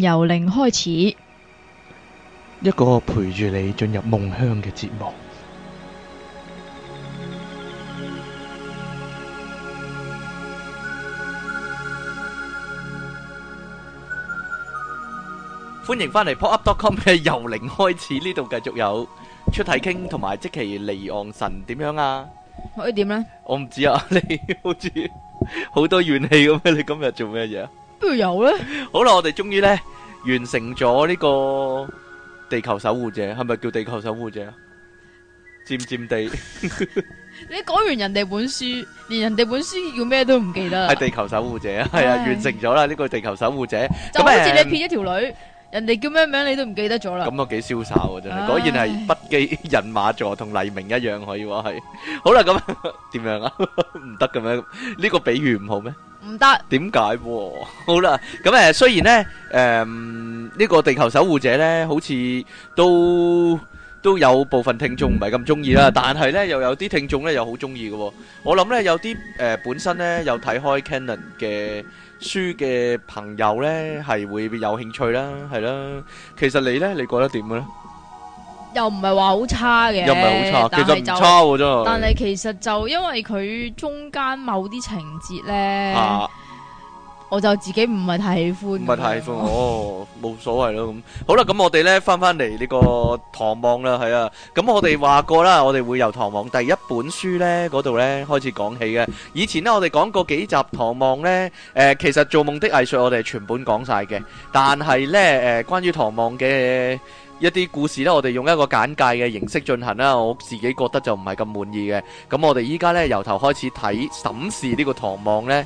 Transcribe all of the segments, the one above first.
由零開始，一個陪住你進入夢鄉嘅節目。歡迎翻嚟 pop up dot com 嘅由零開始，呢度繼續有出體傾同埋即期離岸神點樣啊？可以點咧？我唔知啊，你好似好多怨氣咁啊！你今日做咩嘢？不如有咧。好啦，我哋終於咧。完成咗呢個地球守護者，係咪叫地球守護者啊？漸漸地，你講完人哋本書，連人哋本書叫咩都唔記得。係地球守護者，係啊，完成咗啦呢個地球守護者。就好似你騙一條女，人哋叫咩名你都唔記得咗啦。咁啊，幾瀟灑啊真係。果然係不羈人馬座同黎明一樣，可以話係。好啦，咁點樣啊？唔得嘅咩？呢個比喻唔好咩？唔得，點解？好啦，咁誒，雖然咧，誒呢個地球守護者咧，好似都都有部分聽眾唔係咁中意啦，但係咧又有啲聽眾咧又好中意嘅。我諗咧有啲誒本身咧又睇開 Canon 嘅書嘅朋友咧係會有興趣啦，係啦。其實你咧，你覺得點嘅咧？又唔係話好差嘅，又唔係好差，其實唔差嘅啫。但係其實就因為佢中間某啲情節咧、啊，我就自己唔係太，太喜歡。唔係太喜歡哦，冇所謂咯。咁 好啦，咁我哋咧翻翻嚟呢回回個《唐望》啦，係啊。咁我哋話過啦，我哋會由《唐望》第一本書咧嗰度咧開始講起嘅。以前呢，我哋講過幾集呢《唐望》咧，誒，其實做夢的藝術我哋係全本講晒嘅，但係咧誒，關於《唐望》嘅。一啲故事咧，我哋用一個簡介嘅形式進行啦，我自己覺得就唔係咁滿意嘅。咁我哋依家咧由頭開始睇，審視呢個《唐望》咧，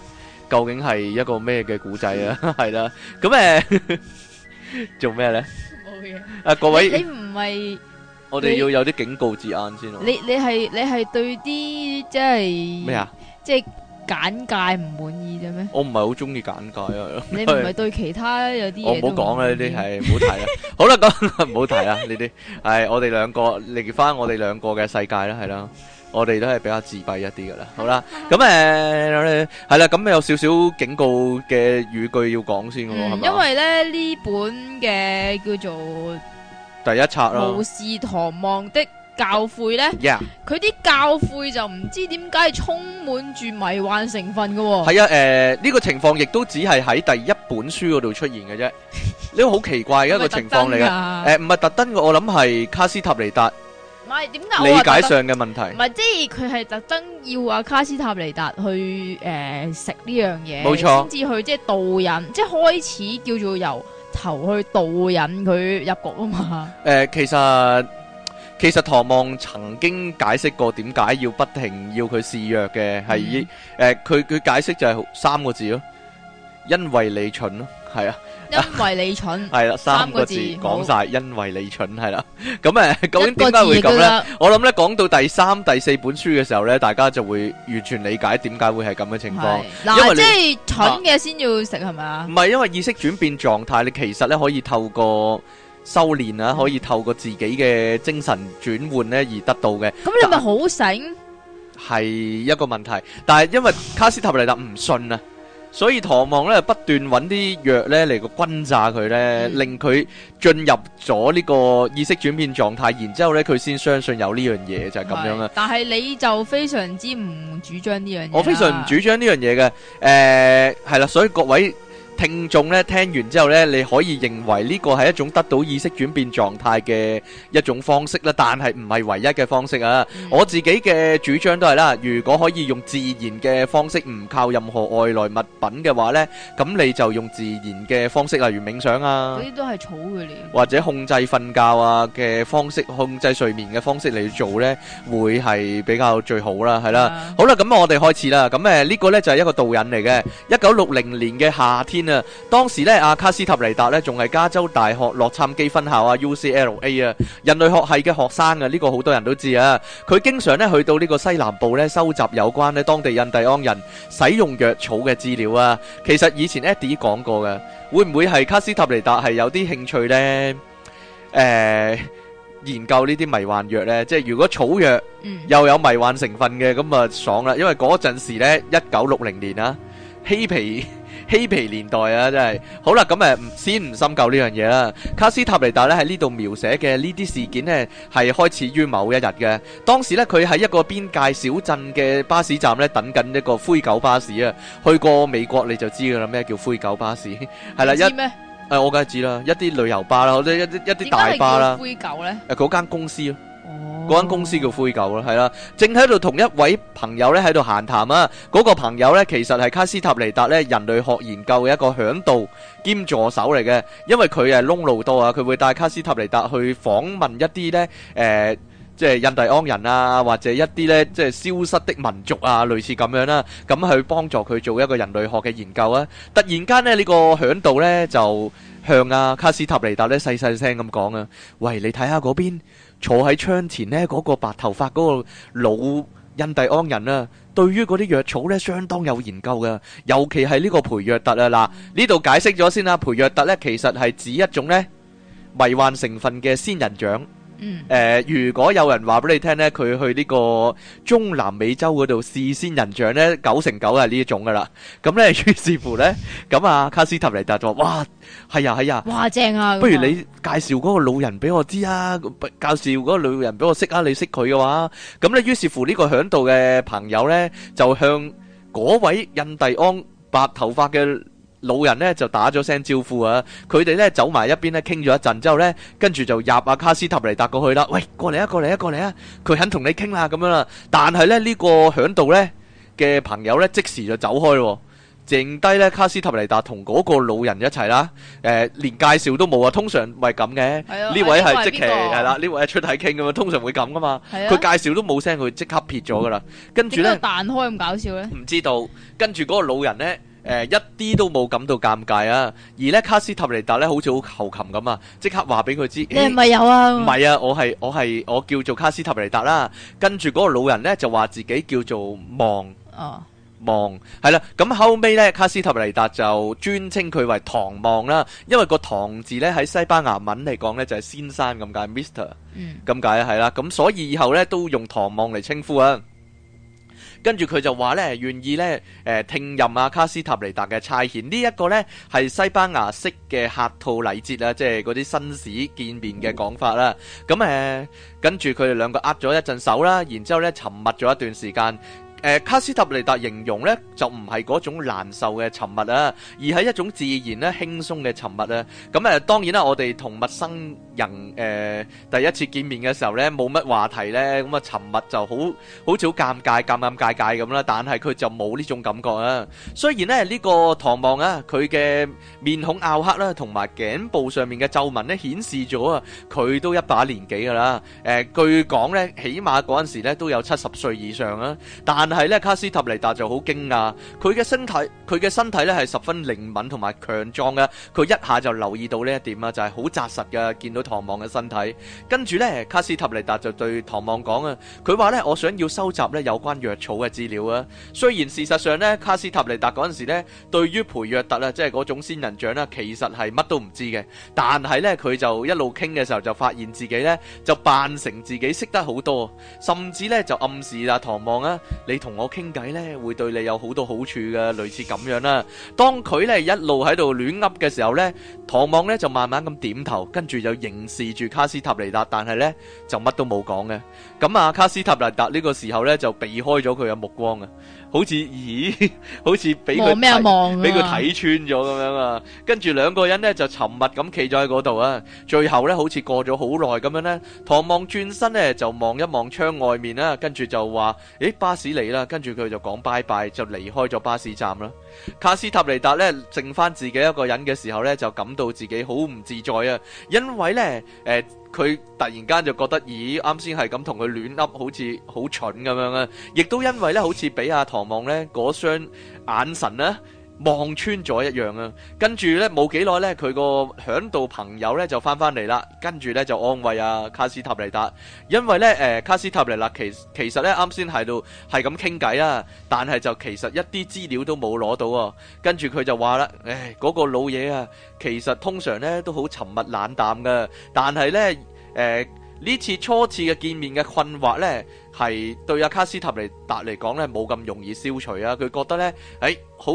究竟係一個咩嘅古仔啊？係啦，咁誒，做咩咧？冇嘢。啊，各位，你唔係我哋要有啲警告字眼先咯。你你係你係對啲即係咩啊？即係。簡介唔滿意啫咩？我唔係好中意簡介啊！你唔係對其他有啲嘢？我唔好講啦，呢啲係唔好提啦。好啦，咁唔好提啦，呢啲係我哋兩個離翻我哋兩個嘅世界啦，係啦。我哋都係比較自閉一啲噶啦。好啦，咁誒係啦，咁有少少警告嘅語句要講先咯。因為咧呢本嘅叫做第一冊咯，巫士唐望的教誨咧，佢啲教誨就唔知點解充滿住迷幻成分嘅。係啊，誒呢個情況亦都只係喺第一本書嗰度出現嘅啫。呢個好奇怪嘅一個情況嚟嘅。誒，唔係特登，我諗係卡斯塔尼達。唔係，點解？理解上嘅問題。唔係，即係佢係特登要阿卡斯塔尼達去誒食呢樣嘢，冇錯，先至去即係導引，即係開始叫做由頭去導引佢入局啊嘛。誒，其實。其實唐望曾經解釋過點解要不停要佢試藥嘅，係以誒佢佢解釋就係三個字咯，因為你蠢咯，係啊，因為你蠢，係啦，三個字講晒，因為你蠢，係啦。咁誒，究竟點解會咁咧？我諗咧，講到第三、第四本書嘅時候咧，大家就會完全理解點解會係咁嘅情況。因為，即係蠢嘅先要食，係咪啊？唔係，因為意識轉變狀態，你其實咧可以透過。修煉啦，可以透過自己嘅精神轉換咧而得到嘅。咁你咪好醒？係一個問題，但係因為卡斯塔尼達唔信啊，所以唐望咧不斷揾啲藥咧嚟個轟炸佢咧，令佢進入咗呢個意識轉變狀態，然之後咧佢先相信有呢樣嘢就係咁樣啦。但係你就非常之唔主張呢樣嘢，我非常唔主張呢樣嘢嘅。誒，係啦，所以各位。聽眾咧聽完之後咧，你可以認為呢個係一種得到意識轉變狀態嘅一種方式啦，但係唔係唯一嘅方式啊！我自己嘅主張都係啦，如果可以用自然嘅方式，唔靠任何外來物品嘅話咧，咁你就用自然嘅方式，例如冥想啊，嗰啲都係草嘅。或者控制瞓覺啊嘅方式，控制睡眠嘅方式嚟做咧，會係比較最好啦，係啦。好啦，咁我哋開始啦。咁誒，呢個咧就係一個導引嚟嘅，一九六零年嘅夏天。當時咧，阿卡斯塔尼達咧仲係加州大學洛杉磯分校啊，（UCLA） 啊，人類學系嘅學生啊，呢個好多人都知啊。佢經常咧去到呢個西南部咧收集有關咧當地印第安人使用藥草嘅資料啊。其實以前 Eddie 講過嘅，會唔會係卡斯塔尼達係有啲興趣咧？誒，研究呢啲迷幻藥咧，即係如果草藥又有迷幻成分嘅，咁啊爽啦。因為嗰陣時咧，一九六零年啊，嬉皮，嬉皮年代啊，真係好啦，咁誒，先唔深究呢樣嘢啦。卡斯塔尼達咧喺呢度描寫嘅呢啲事件呢，係開始於某一日嘅。當時呢，佢喺一個邊界小鎮嘅巴士站呢，等緊一個灰狗巴士啊，去過美國你就知噶啦，咩叫灰狗巴士？係啦 一咩，哎？我梗係知啦，一啲旅遊巴啦，或者一啲一啲大巴啦。灰狗呢？嗰間公司。嗰間公司叫灰狗啦，係啦，正喺度同一位朋友咧喺度閒談啊。嗰個朋友咧，其實係卡斯塔尼達咧人類學研究嘅一個響度兼助手嚟嘅，因為佢係窿路多啊，佢會帶卡斯塔尼達去訪問一啲咧誒，即係印第安人啊，或者一啲咧即係消失的民族啊，類似咁樣啦，咁去幫助佢做一個人類學嘅研究啊。突然間咧，呢個響度咧就向阿卡斯塔尼達咧細細聲咁講啊，喂，你睇下嗰邊。坐喺窗前呢嗰、嗰個白頭髮嗰個老印第安人啊，對於嗰啲藥草呢，相當有研究㗎，尤其係呢個培約特啊！嗱，呢度解釋咗先啦，培約特呢，其實係指一種呢迷幻成分嘅仙人掌。誒、 呃，如果有人話俾你聽呢，佢去呢個中南美洲嗰度試仙人掌呢，九成九係呢一種噶啦。咁呢，於是乎呢，咁啊，卡斯塔尼達就話，哇，係啊，係啊，啊，哇，正啊！不如你介紹嗰個老人俾我知啊，介紹嗰個老人俾我識啊，你識佢嘅話，咁呢，於是乎呢個響度嘅朋友呢，就向嗰位印第安白頭髮嘅老人咧就打咗聲招呼啊！佢哋咧走埋一邊咧傾咗一陣之後咧，跟住就入阿卡斯塔尼達過去啦。喂，過嚟啊，過嚟啊，過嚟啊！佢肯同你傾啦，咁樣啦。但係咧呢個響度咧嘅朋友咧即時就走開咯，剩低咧卡斯塔尼達同嗰個老人一齊啦。誒，連介紹都冇啊！通常咪咁嘅，呢位係即期係啦，呢位係出嚟傾咁樣，通常會咁噶嘛。佢介紹都冇聲，佢即刻撇咗噶啦。跟住咧，彈開咁搞笑咧？唔知道。跟住嗰個老人咧。誒、呃，一啲都冇感到尷尬啊！而咧卡斯塔尼達咧，好似好求琴咁啊，即刻話俾佢知。你唔係有啊？唔係啊，我係我係我叫做卡斯塔尼達啦。跟住嗰個老人咧就話自己叫做望。哦。望係啦，咁、嗯、後尾咧卡斯塔尼達就尊稱佢為唐望啦，因為個唐字咧喺西班牙文嚟講咧就係、是、先生咁解 Mister 咁解係啦，咁所以以後咧都用唐望嚟稱呼啊。跟住佢就話咧願意咧誒、呃、聽任啊卡斯塔尼達嘅差遣、這個、呢一個咧係西班牙式嘅客套禮節啦，即係嗰啲紳士見面嘅講法啦。咁、呃、跟住佢哋兩個握咗一陣手啦，然之後咧沉默咗一段時間。誒卡斯塔尼達形容咧就唔係嗰種難受嘅沉默啊，而係一種自然咧輕鬆嘅沉默啊。咁誒當然啦，我哋同陌生人誒第一次見面嘅時候咧冇乜話題咧，咁啊沉默就好好似好尷尬尷尷尬尬咁啦。但係佢就冇呢種感覺啊。雖然咧呢個唐望啊，佢嘅面孔凹黑啦，同埋頸部上面嘅皺紋咧顯示咗啊，佢都一把年紀㗎啦。誒據講咧，起碼嗰陣時咧都有七十歲以上啦，但係咧，卡斯塔尼達就好驚訝，佢嘅身體佢嘅身體咧係十分靈敏同埋強壯嘅，佢一下就留意到呢一點啦，就係好扎實嘅，見到唐望嘅身體。跟住咧，卡斯塔尼達就對唐望講啊，佢話咧，我想要收集咧有關藥草嘅資料啊。雖然事實上咧，卡斯塔尼達嗰陣時咧對於培約特啊，即係嗰種仙人掌啦，其實係乜都唔知嘅。但係咧，佢就一路傾嘅時候就發現自己咧就扮成自己識得好多，甚至咧就暗示啊唐望啊，你。同我傾偈呢，會對你有好多好處嘅，類似咁樣啦。當佢呢一路喺度亂噏嘅時候呢，唐望呢就慢慢咁點頭，跟住就凝視住卡斯塔尼達，但係呢就乜都冇講嘅。咁啊，卡斯塔尼達呢個時候呢，就避開咗佢嘅目光啊。好似，咦，好似俾佢睇，俾佢睇穿咗咁樣啊！跟住兩個人呢就沉默咁企咗喺嗰度啊！最後呢好似過咗好耐咁樣呢，唐望轉身呢就望一望窗外面啦，跟住就話：咦，巴士嚟啦！跟住佢就講拜拜，就離開咗巴士站啦。卡斯塔尼達呢剩返自己一個人嘅時候呢，就感到自己好唔自在啊，因為呢，呃佢突然間就覺得，咦！啱先係咁同佢亂噏，好似好蠢咁樣啊！亦都因為咧，好似俾阿唐望咧嗰雙眼神咧，望穿咗一樣啊！跟住咧冇幾耐咧，佢個響度朋友咧就翻翻嚟啦。跟住咧就安慰啊卡斯塔尼達，因為咧、呃、卡斯塔尼達其其實咧啱先喺度係咁傾偈啦，但係就其實一啲資料都冇攞到、啊。跟住佢就話啦，誒、哎、嗰、嗰個老嘢啊，其實通常咧都好沉默冷淡噶，但係咧呢、呃、次初次嘅見面嘅困惑咧。係對阿卡斯塔尼達嚟講呢，冇咁容易消除啊！佢覺得呢，誒、哎，好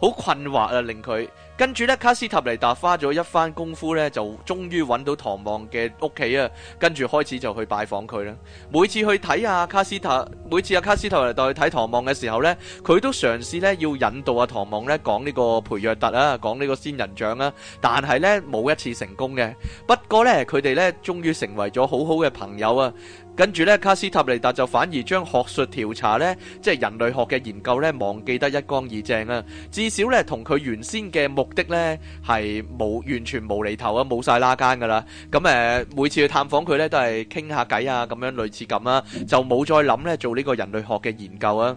好困惑啊，令佢跟住呢，卡斯塔尼達花咗一番功夫呢，就終於揾到唐望嘅屋企啊！跟住開始就去拜訪佢啦。每次去睇阿、啊、卡斯塔，每次阿、啊、卡斯塔尼達去睇唐望嘅時候呢，佢都嘗試呢要引導阿唐望呢講呢個培約特啊，講呢個仙人掌啊，但係呢，冇一次成功嘅。不過呢，佢哋呢終於成為咗好好嘅朋友啊！跟住咧，卡斯塔尼達就反而將學術調查咧，即係人類學嘅研究咧，忘記得一乾二淨啊！至少咧，同佢原先嘅目的咧，係冇完全無厘頭啊，冇晒拉間噶啦。咁誒，每次去探訪佢咧，都係傾下偈啊，咁樣類似咁啊，就冇再諗咧做呢個人類學嘅研究啊。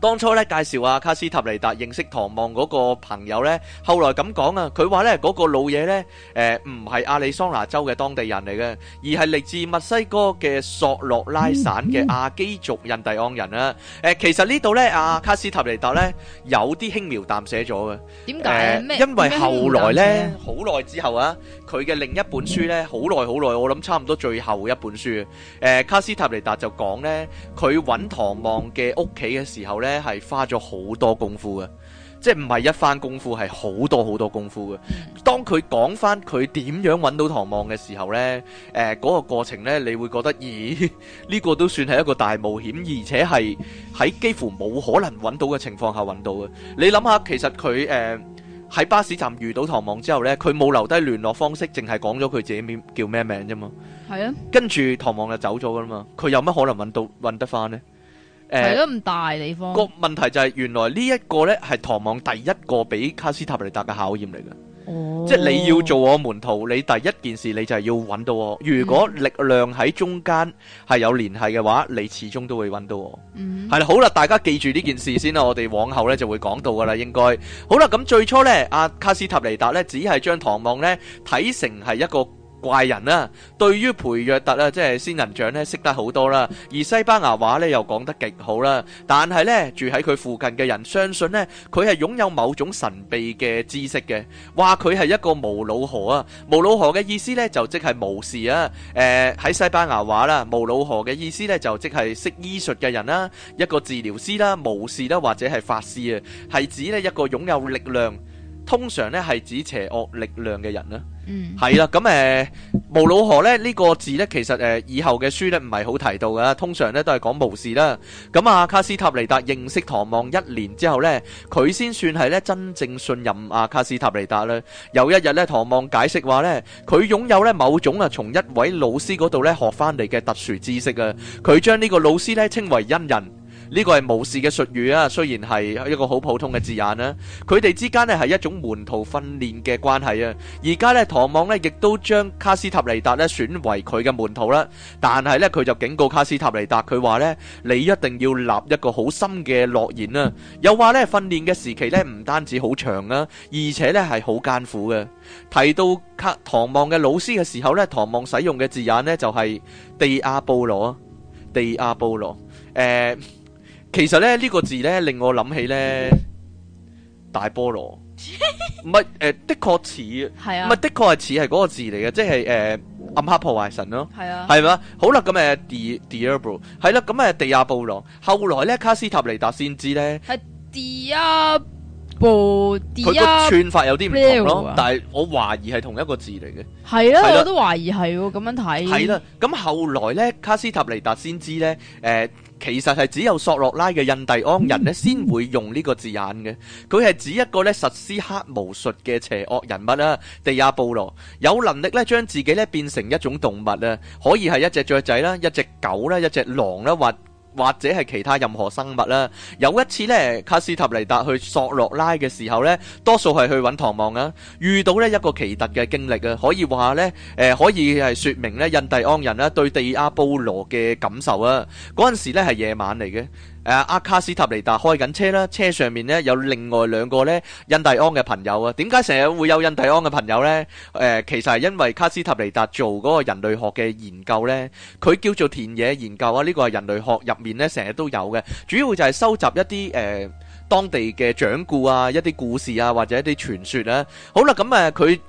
當初咧介紹阿卡斯塔尼達認識唐望嗰個朋友咧，後來咁講啊，佢話咧嗰個老嘢咧，誒唔係阿里桑拿州嘅當地人嚟嘅，而係嚟自墨西哥嘅索洛拉省嘅阿基族印第安人啦。誒，其實呢度咧阿卡斯塔尼達咧有啲輕描淡寫咗嘅。點解？因為後來咧好耐之後啊，佢嘅另一本書咧好耐好耐，我諗差唔多最後一本書，誒卡斯塔尼達就講咧佢搵唐望嘅屋企嘅時候咧。咧係花咗好多功夫嘅，即係唔係一番功夫，係好多好多功夫嘅。當佢講翻佢點樣揾到唐望嘅時候呢，誒、呃，嗰、那個過程呢，你會覺得咦？呢、這個都算係一個大冒險，而且係喺幾乎冇可能揾到嘅情況下揾到嘅。你諗下，其實佢誒喺巴士站遇到唐望之後呢，佢冇留低聯絡方式，淨係講咗佢自己叫咩名啫、啊、嘛。跟住唐望就走咗噶啦嘛，佢有乜可能揾到揾得翻呢？係、呃、咯，咁大地方。個問題就係、是、原來呢一個呢係唐望第一個俾卡斯塔尼達嘅考驗嚟嘅。Oh. 即係你要做我門徒，你第一件事你就係要揾到我。如果力量喺中間係有聯繫嘅話，你始終都會揾到我。嗯，係啦，好啦，大家記住呢件事先啦，我哋往後呢就會講到噶啦，應該。好啦，咁最初呢，阿卡斯塔尼達呢只係將唐望呢睇成係一個，怪人啦、啊，對於培約特啊，即係仙人掌咧，識得好多啦，而西班牙話咧又講得極好啦。但係咧，住喺佢附近嘅人相信咧，佢係擁有某種神秘嘅知識嘅，話佢係一個無老何啊。無老何嘅意思咧，就即係巫師啊。誒、呃、喺西班牙話啦，無老何嘅意思咧，就即係識醫術嘅人啦，一個治療師啦，巫師啦，或者係法師啊，係指呢一個擁有力量，通常咧係指邪惡力量嘅人啦。係啦，咁 誒，無、嗯、老何咧呢個字呢，其實誒、呃、以後嘅書呢唔係好提到㗎。通常呢都係講巫士啦。咁、嗯、阿、啊、卡斯塔尼達認識唐望一年之後呢，佢先算係呢真正信任阿、啊、卡斯塔尼達啦。有一日呢，唐望解釋話呢，佢擁有呢某種啊從一位老師嗰度呢學翻嚟嘅特殊知識啊，佢將呢個老師呢稱為恩人。呢個係巫士嘅術語啊，雖然係一個好普通嘅字眼啦。佢哋之間咧係一種門徒訓練嘅關係啊。而家呢，唐望呢亦都將卡斯塔尼達呢選為佢嘅門徒啦。但係呢，佢就警告卡斯塔尼達，佢話呢：「你一定要立一個好深嘅諾言啊。」又話呢，訓練嘅時期呢唔單止好長啊，而且呢係好艱苦嘅。提到卡唐望嘅老師嘅時候呢，唐望使用嘅字眼呢就係地阿布羅，地阿布羅，誒。其實咧呢、這個字咧令我諗起咧、mm-hmm. 大菠蘿，唔係誒的確似，係 啊，唔係的確係似係嗰個字嚟嘅，即係誒、呃、暗黑破壞神咯，係啊，係嘛，好啦，咁誒 d 地亞布，係啦，咁誒地亞布羅，後來咧卡斯塔尼達先知咧係地亞。是部佢個串法有啲唔同、啊、但係我懷疑係同一個字嚟嘅，係啦、啊啊，我都懷疑係、啊，咁樣睇。係啦、啊，咁後來咧，卡斯塔尼達先知咧，誒、呃，其實係只有索洛拉嘅印第安人咧，先會用呢個字眼嘅。佢係指一個咧，實施黑巫術嘅邪惡人物啊，地亞布羅，有能力咧，將自己咧變成一種動物啊，可以係一隻雀仔啦，一隻狗啦，一隻狼啦，或。或者係其他任何生物啦、啊。有一次咧，卡斯塔尼達去索洛拉嘅時候咧，多數係去揾唐望啊。遇到呢一個奇特嘅經歷啊，可以話咧、呃，可以係說明咧印第安人啦、啊、對地亞波羅嘅感受啊。嗰陣時咧係夜晚嚟嘅。係阿卡斯塔尼達開緊車啦，車上面呢有另外兩個呢印第安嘅朋友啊。點解成日會有印第安嘅朋友呢？誒，其實係因為卡斯塔尼達做嗰個人類學嘅研究呢，佢叫做田野研究啊。呢個係人類學入面呢成日都有嘅，主要就係收集一啲誒當地嘅掌故啊、一啲故事啊，或者一啲傳說啊。好啦，咁誒佢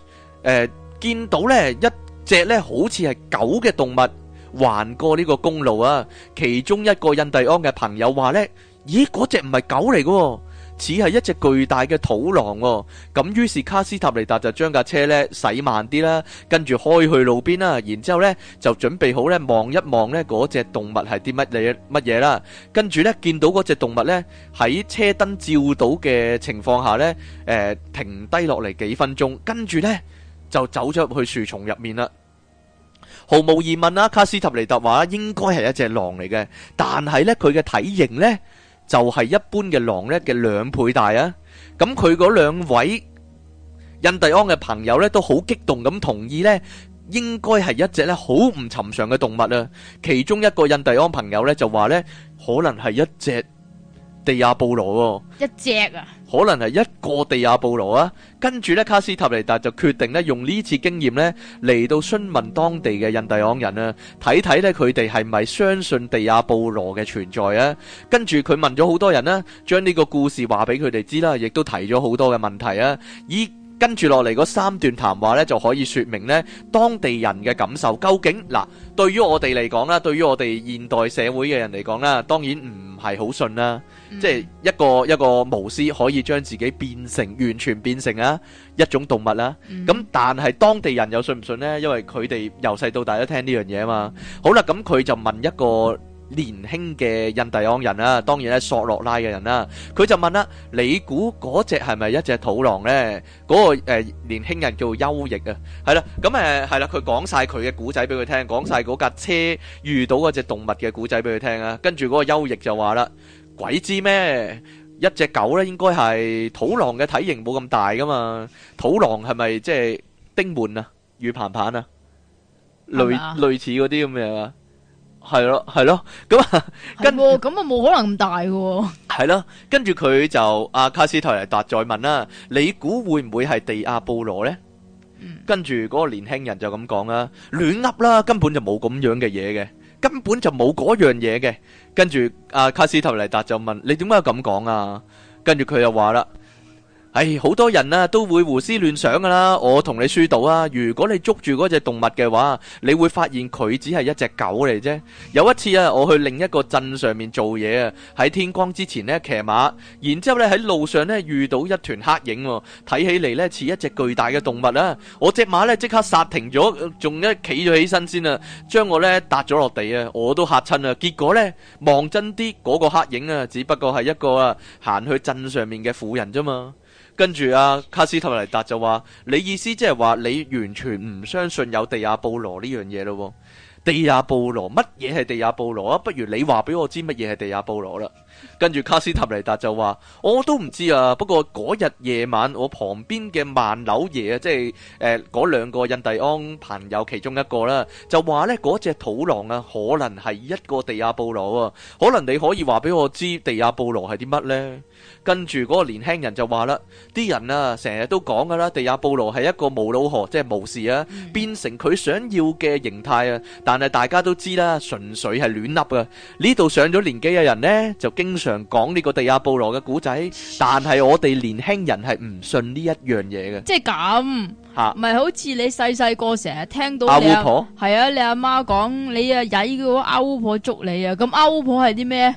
誒見到呢一隻呢好似係狗嘅動物。橫過呢個公路啊！其中一個印第安嘅朋友話咧：咦，嗰隻唔係狗嚟嘅，似係一隻巨大嘅土狼。咁於是卡斯塔尼達就將架車咧駛慢啲啦，跟住開去路邊啦，然之後咧就準備好咧望一望咧嗰隻動物係啲乜嘢乜嘢啦。跟住咧見到嗰隻動物咧喺車燈照到嘅情況下咧，誒停低落嚟幾分鐘，跟住咧就走咗入去樹叢入面啦。毫無疑問啦，卡斯塔尼達話咧應該係一隻狼嚟嘅，但係咧佢嘅體型咧就係一般嘅狼咧嘅兩倍大啊！咁佢嗰兩位印第安嘅朋友咧都好激動咁同意咧，應該係一隻咧好唔尋常嘅動物啊！其中一個印第安朋友咧就話咧可能係一隻。地亞布羅喎，一隻啊，可能係一個地亞布羅啊。跟住咧，卡斯塔尼達就決定咧，用呢次經驗咧，嚟到詢問當地嘅印第安人啊，睇睇咧佢哋係咪相信地亞布羅嘅存在啊。跟住佢問咗好多人啦、啊，將呢個故事話俾佢哋知啦，亦都提咗好多嘅問題啊。咦，跟住落嚟嗰三段談話咧，就可以說明咧當地人嘅感受。究竟嗱，對於我哋嚟講啦，對於我哋現代社會嘅人嚟講啦，當然唔係好信啦、啊。即係一個一個巫師可以將自己變成完全變成啊一種動物啦。咁但係當地人又信唔信咧？因為佢哋由細到大都聽呢樣嘢啊嘛。好啦，咁佢就問一個年輕嘅印第安人啦，當然係索羅拉嘅人啦。佢就問啦：你估嗰隻係咪一隻土狼咧？嗰個誒年輕人叫丘翼啊，係啦。咁誒係啦，佢講晒佢嘅古仔俾佢聽，講晒嗰架車遇到嗰隻動物嘅古仔俾佢聽啊。跟住嗰個丘翼就話啦。鬼知咩？一隻狗咧，應該係土狼嘅體型冇咁大噶嘛？土狼係咪即係丁門啊、魚盤盤啊、類類似嗰啲咁嘢啊？係咯，係咯。咁跟咁啊，冇可能咁大嘅。係咯，跟住佢就阿卡斯塔尼達再問啦：你估會唔會係地亞布羅咧？嗯，跟住嗰個年輕人就咁講啦：亂噏啦，根本就冇咁樣嘅嘢嘅，根本就冇嗰樣嘢嘅。跟住阿、啊、卡斯特嚟達就問，你點解要咁講啊？跟住佢又話啦。唉、哎，好多人啊都會胡思亂想噶啦。我同你輸到啊，如果你捉住嗰隻動物嘅話，你會發現佢只係一隻狗嚟啫。有一次啊，我去另一個鎮上面做嘢啊，喺天光之前呢騎馬，然之後咧喺路上咧遇到一團黑影、啊，睇起嚟咧似一隻巨大嘅動物啊。我隻馬咧即刻剎停咗，仲一企咗起身先啊，將我咧搭咗落地啊，我都嚇親啊。結果咧望真啲，嗰、那個黑影啊，只不過係一個行、啊、去鎮上面嘅婦人啫嘛。跟住啊，卡斯特尼達就話：你意思即係話你完全唔相信有地亞布羅呢樣嘢咯。地亞布羅乜嘢係地亞布羅啊？不如你話俾我知乜嘢係地亞布羅啦？跟住卡斯塔尼達就話：我都唔知啊，不過嗰日夜晚我旁邊嘅萬柳爺啊，即係誒嗰兩個印第安朋友其中一個啦，就話呢嗰隻土狼啊，可能係一個地亞布羅啊，可能你可以話俾我知地亞布羅係啲乜呢？跟住嗰個年輕人就話啦：啲人啊，成日都講噶啦，地亞布羅係一個無腦河，即係無視啊，變成佢想要嘅形態啊，但係大家都知啦、啊，純粹係亂笠啊。呢度上咗年紀嘅人呢，就經常。常講呢個地亞布羅嘅古仔，但係我哋年輕人係唔信呢一樣嘢嘅，即係咁吓，唔係好似你細細個成日聽到阿巫婆，係啊，你阿媽講你啊曳嘅話，阿巫婆捉你啊，咁阿巫婆係啲咩？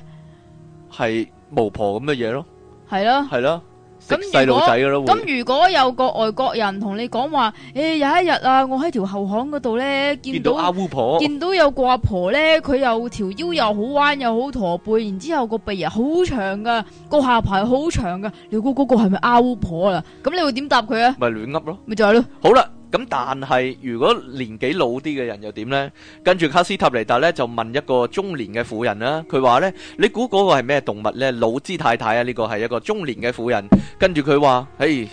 係巫婆咁嘅嘢咯，係咯，係咯。咁如果咁如果有個外國人同你講話，誒有一日啊，我喺條後巷嗰度咧，見到阿巫婆，見到有個阿婆咧，佢又條腰又好彎又好駝背，然之後個鼻啊好長噶，個下扒好長噶，你估嗰個係咪阿巫婆啊？咁你會點答佢啊？咪亂噏咯，咪就係咯，好啦。咁但係如果年紀老啲嘅人又點呢？跟住卡斯塔尼達咧就問一個中年嘅婦人啦，佢話呢，你估嗰個係咩動物呢？老芝太太啊，呢個係一個中年嘅婦人。跟住佢話：嘿。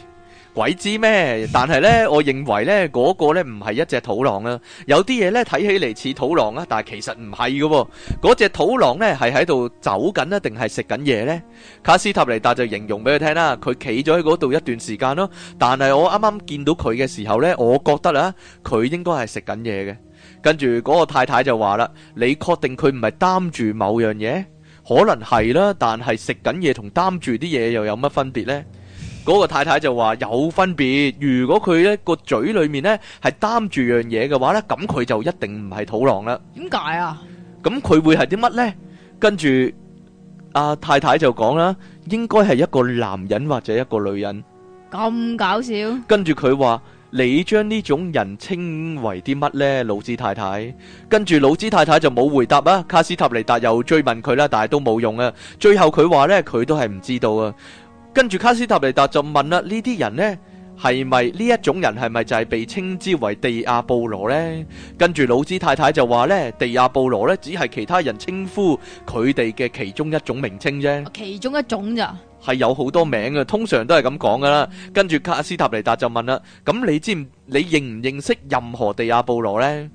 鬼知咩？但係咧，我認為咧，嗰個咧唔係一隻土狼啊。有啲嘢咧睇起嚟似土狼啊，但係其實唔係喎。嗰隻土狼咧係喺度走緊啊，定係食緊嘢呢？卡斯塔尼達就形容俾佢聽啦，佢企咗喺嗰度一段時間咯。但係我啱啱見到佢嘅時候咧，我覺得啊，佢應該係食緊嘢嘅。跟住嗰個太太就話啦：「你確定佢唔係擔住某樣嘢？可能係啦，但係食緊嘢同擔住啲嘢又有乜分別呢？」嗰個太太就話有分別，如果佢咧個嘴裏面咧係擔住樣嘢嘅話咧，咁佢就一定唔係土狼啦。點解啊？咁佢會係啲乜咧？跟住阿太太就講啦，應該係一個男人或者一個女人。咁搞笑。跟住佢話，你將呢種人稱為啲乜咧？老子太太。跟住老子太太就冇回答啦。卡斯塔尼達又追問佢啦，但係都冇用啊。最後佢話咧，佢都係唔知道啊。跟住卡斯塔尼達就問啦，呢啲人呢？係咪呢一種人係咪就係被稱之為地亞布羅呢？」跟住老子太太就話呢，地亞布羅呢，只係其他人稱呼佢哋嘅其中一種名稱啫，其中一種咋？係有好多名嘅，通常都係咁講噶啦。跟住卡斯塔尼達就問啦，咁你知唔你認唔認識任何地亞布羅呢？」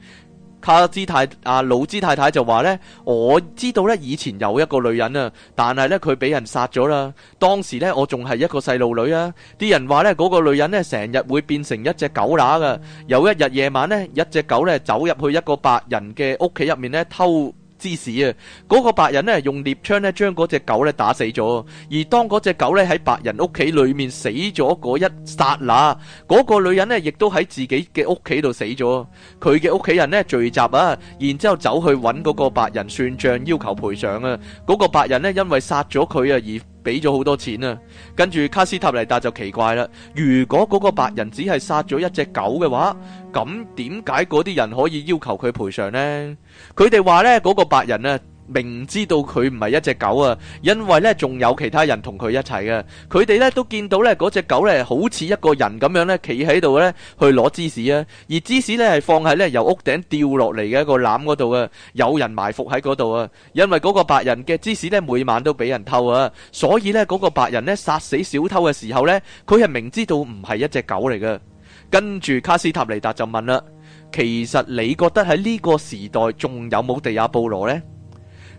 卡姿太啊老茲太太就話呢，我知道呢以前有一個女人啊，但係呢佢俾人殺咗啦。當時呢我仲係一個細路女啊，啲人話呢嗰個女人呢成日會變成一隻狗乸噶。有一日夜晚呢，一隻狗呢走入去一個白人嘅屋企入面呢偷。知事啊，嗰、嗰個白人呢，用獵槍呢將嗰隻狗咧打死咗，而當嗰隻狗咧喺白人屋企裏面死咗嗰一剎那，嗰個女人呢，亦都喺自己嘅屋企度死咗，佢嘅屋企人呢，聚集啊，然之後走去揾嗰個白人算賬要求賠償啊，嗰、嗰個白人呢，因為殺咗佢啊而。俾咗好多錢啊！跟住卡斯塔尼達就奇怪啦。如果嗰個白人只係殺咗一隻狗嘅話，咁點解嗰啲人可以要求佢賠償呢？佢哋話咧，嗰個白人啊。明知道佢唔係一隻狗啊，因為呢，仲有其他人同佢一齊嘅。佢哋呢都見到呢，嗰隻狗呢好似一個人咁樣呢企喺度呢去攞芝士啊。而芝士呢係放喺呢由屋頂掉落嚟嘅一個籃嗰度啊。有人埋伏喺嗰度啊，因為嗰個白人嘅芝士呢每晚都俾人偷啊。所以呢嗰個白人呢殺死小偷嘅時候呢，佢係明知道唔係一隻狗嚟嘅。跟住卡斯塔尼達就問啦：「其實你覺得喺呢個時代仲有冇地亞布羅呢？」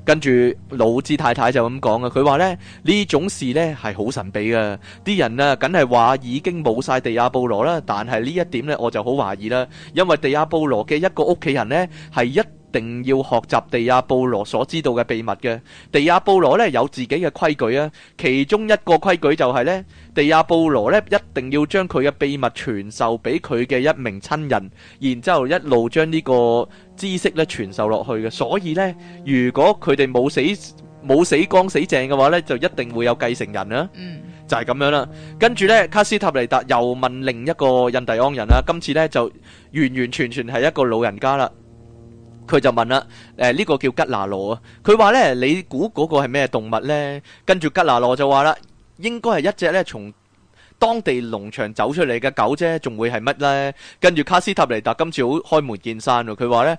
跟住老子太太就咁講啊，佢話咧呢種事咧係好神秘嘅，啲人啊梗係話已經冇晒地亞布羅啦，但係呢一點咧我就好懷疑啦，因為地亞布羅嘅一個屋企人咧係一。一定要學習地亞布羅所知道嘅秘密嘅。地亞布羅呢有自己嘅規矩啊，其中一個規矩就係呢，地亞布羅呢一定要將佢嘅秘密傳授俾佢嘅一名親人，然之後一路將呢個知識咧傳授落去嘅，所以呢，如果佢哋冇死冇死光死淨嘅話呢就一定會有繼承人啊，嗯，就係咁樣啦。跟住呢，卡斯塔尼達又問另一個印第安人啦，今次呢，就完完全全係一個老人家啦。佢就問啦，誒、欸、呢、呢個叫吉拿羅啊，佢話呢，你估嗰個係咩動物呢？跟住吉拿羅就話啦，應該係一隻咧從當地農場走出嚟嘅狗啫，仲會係乜呢？跟住卡斯塔尼達今次好開門見山喎。佢話呢，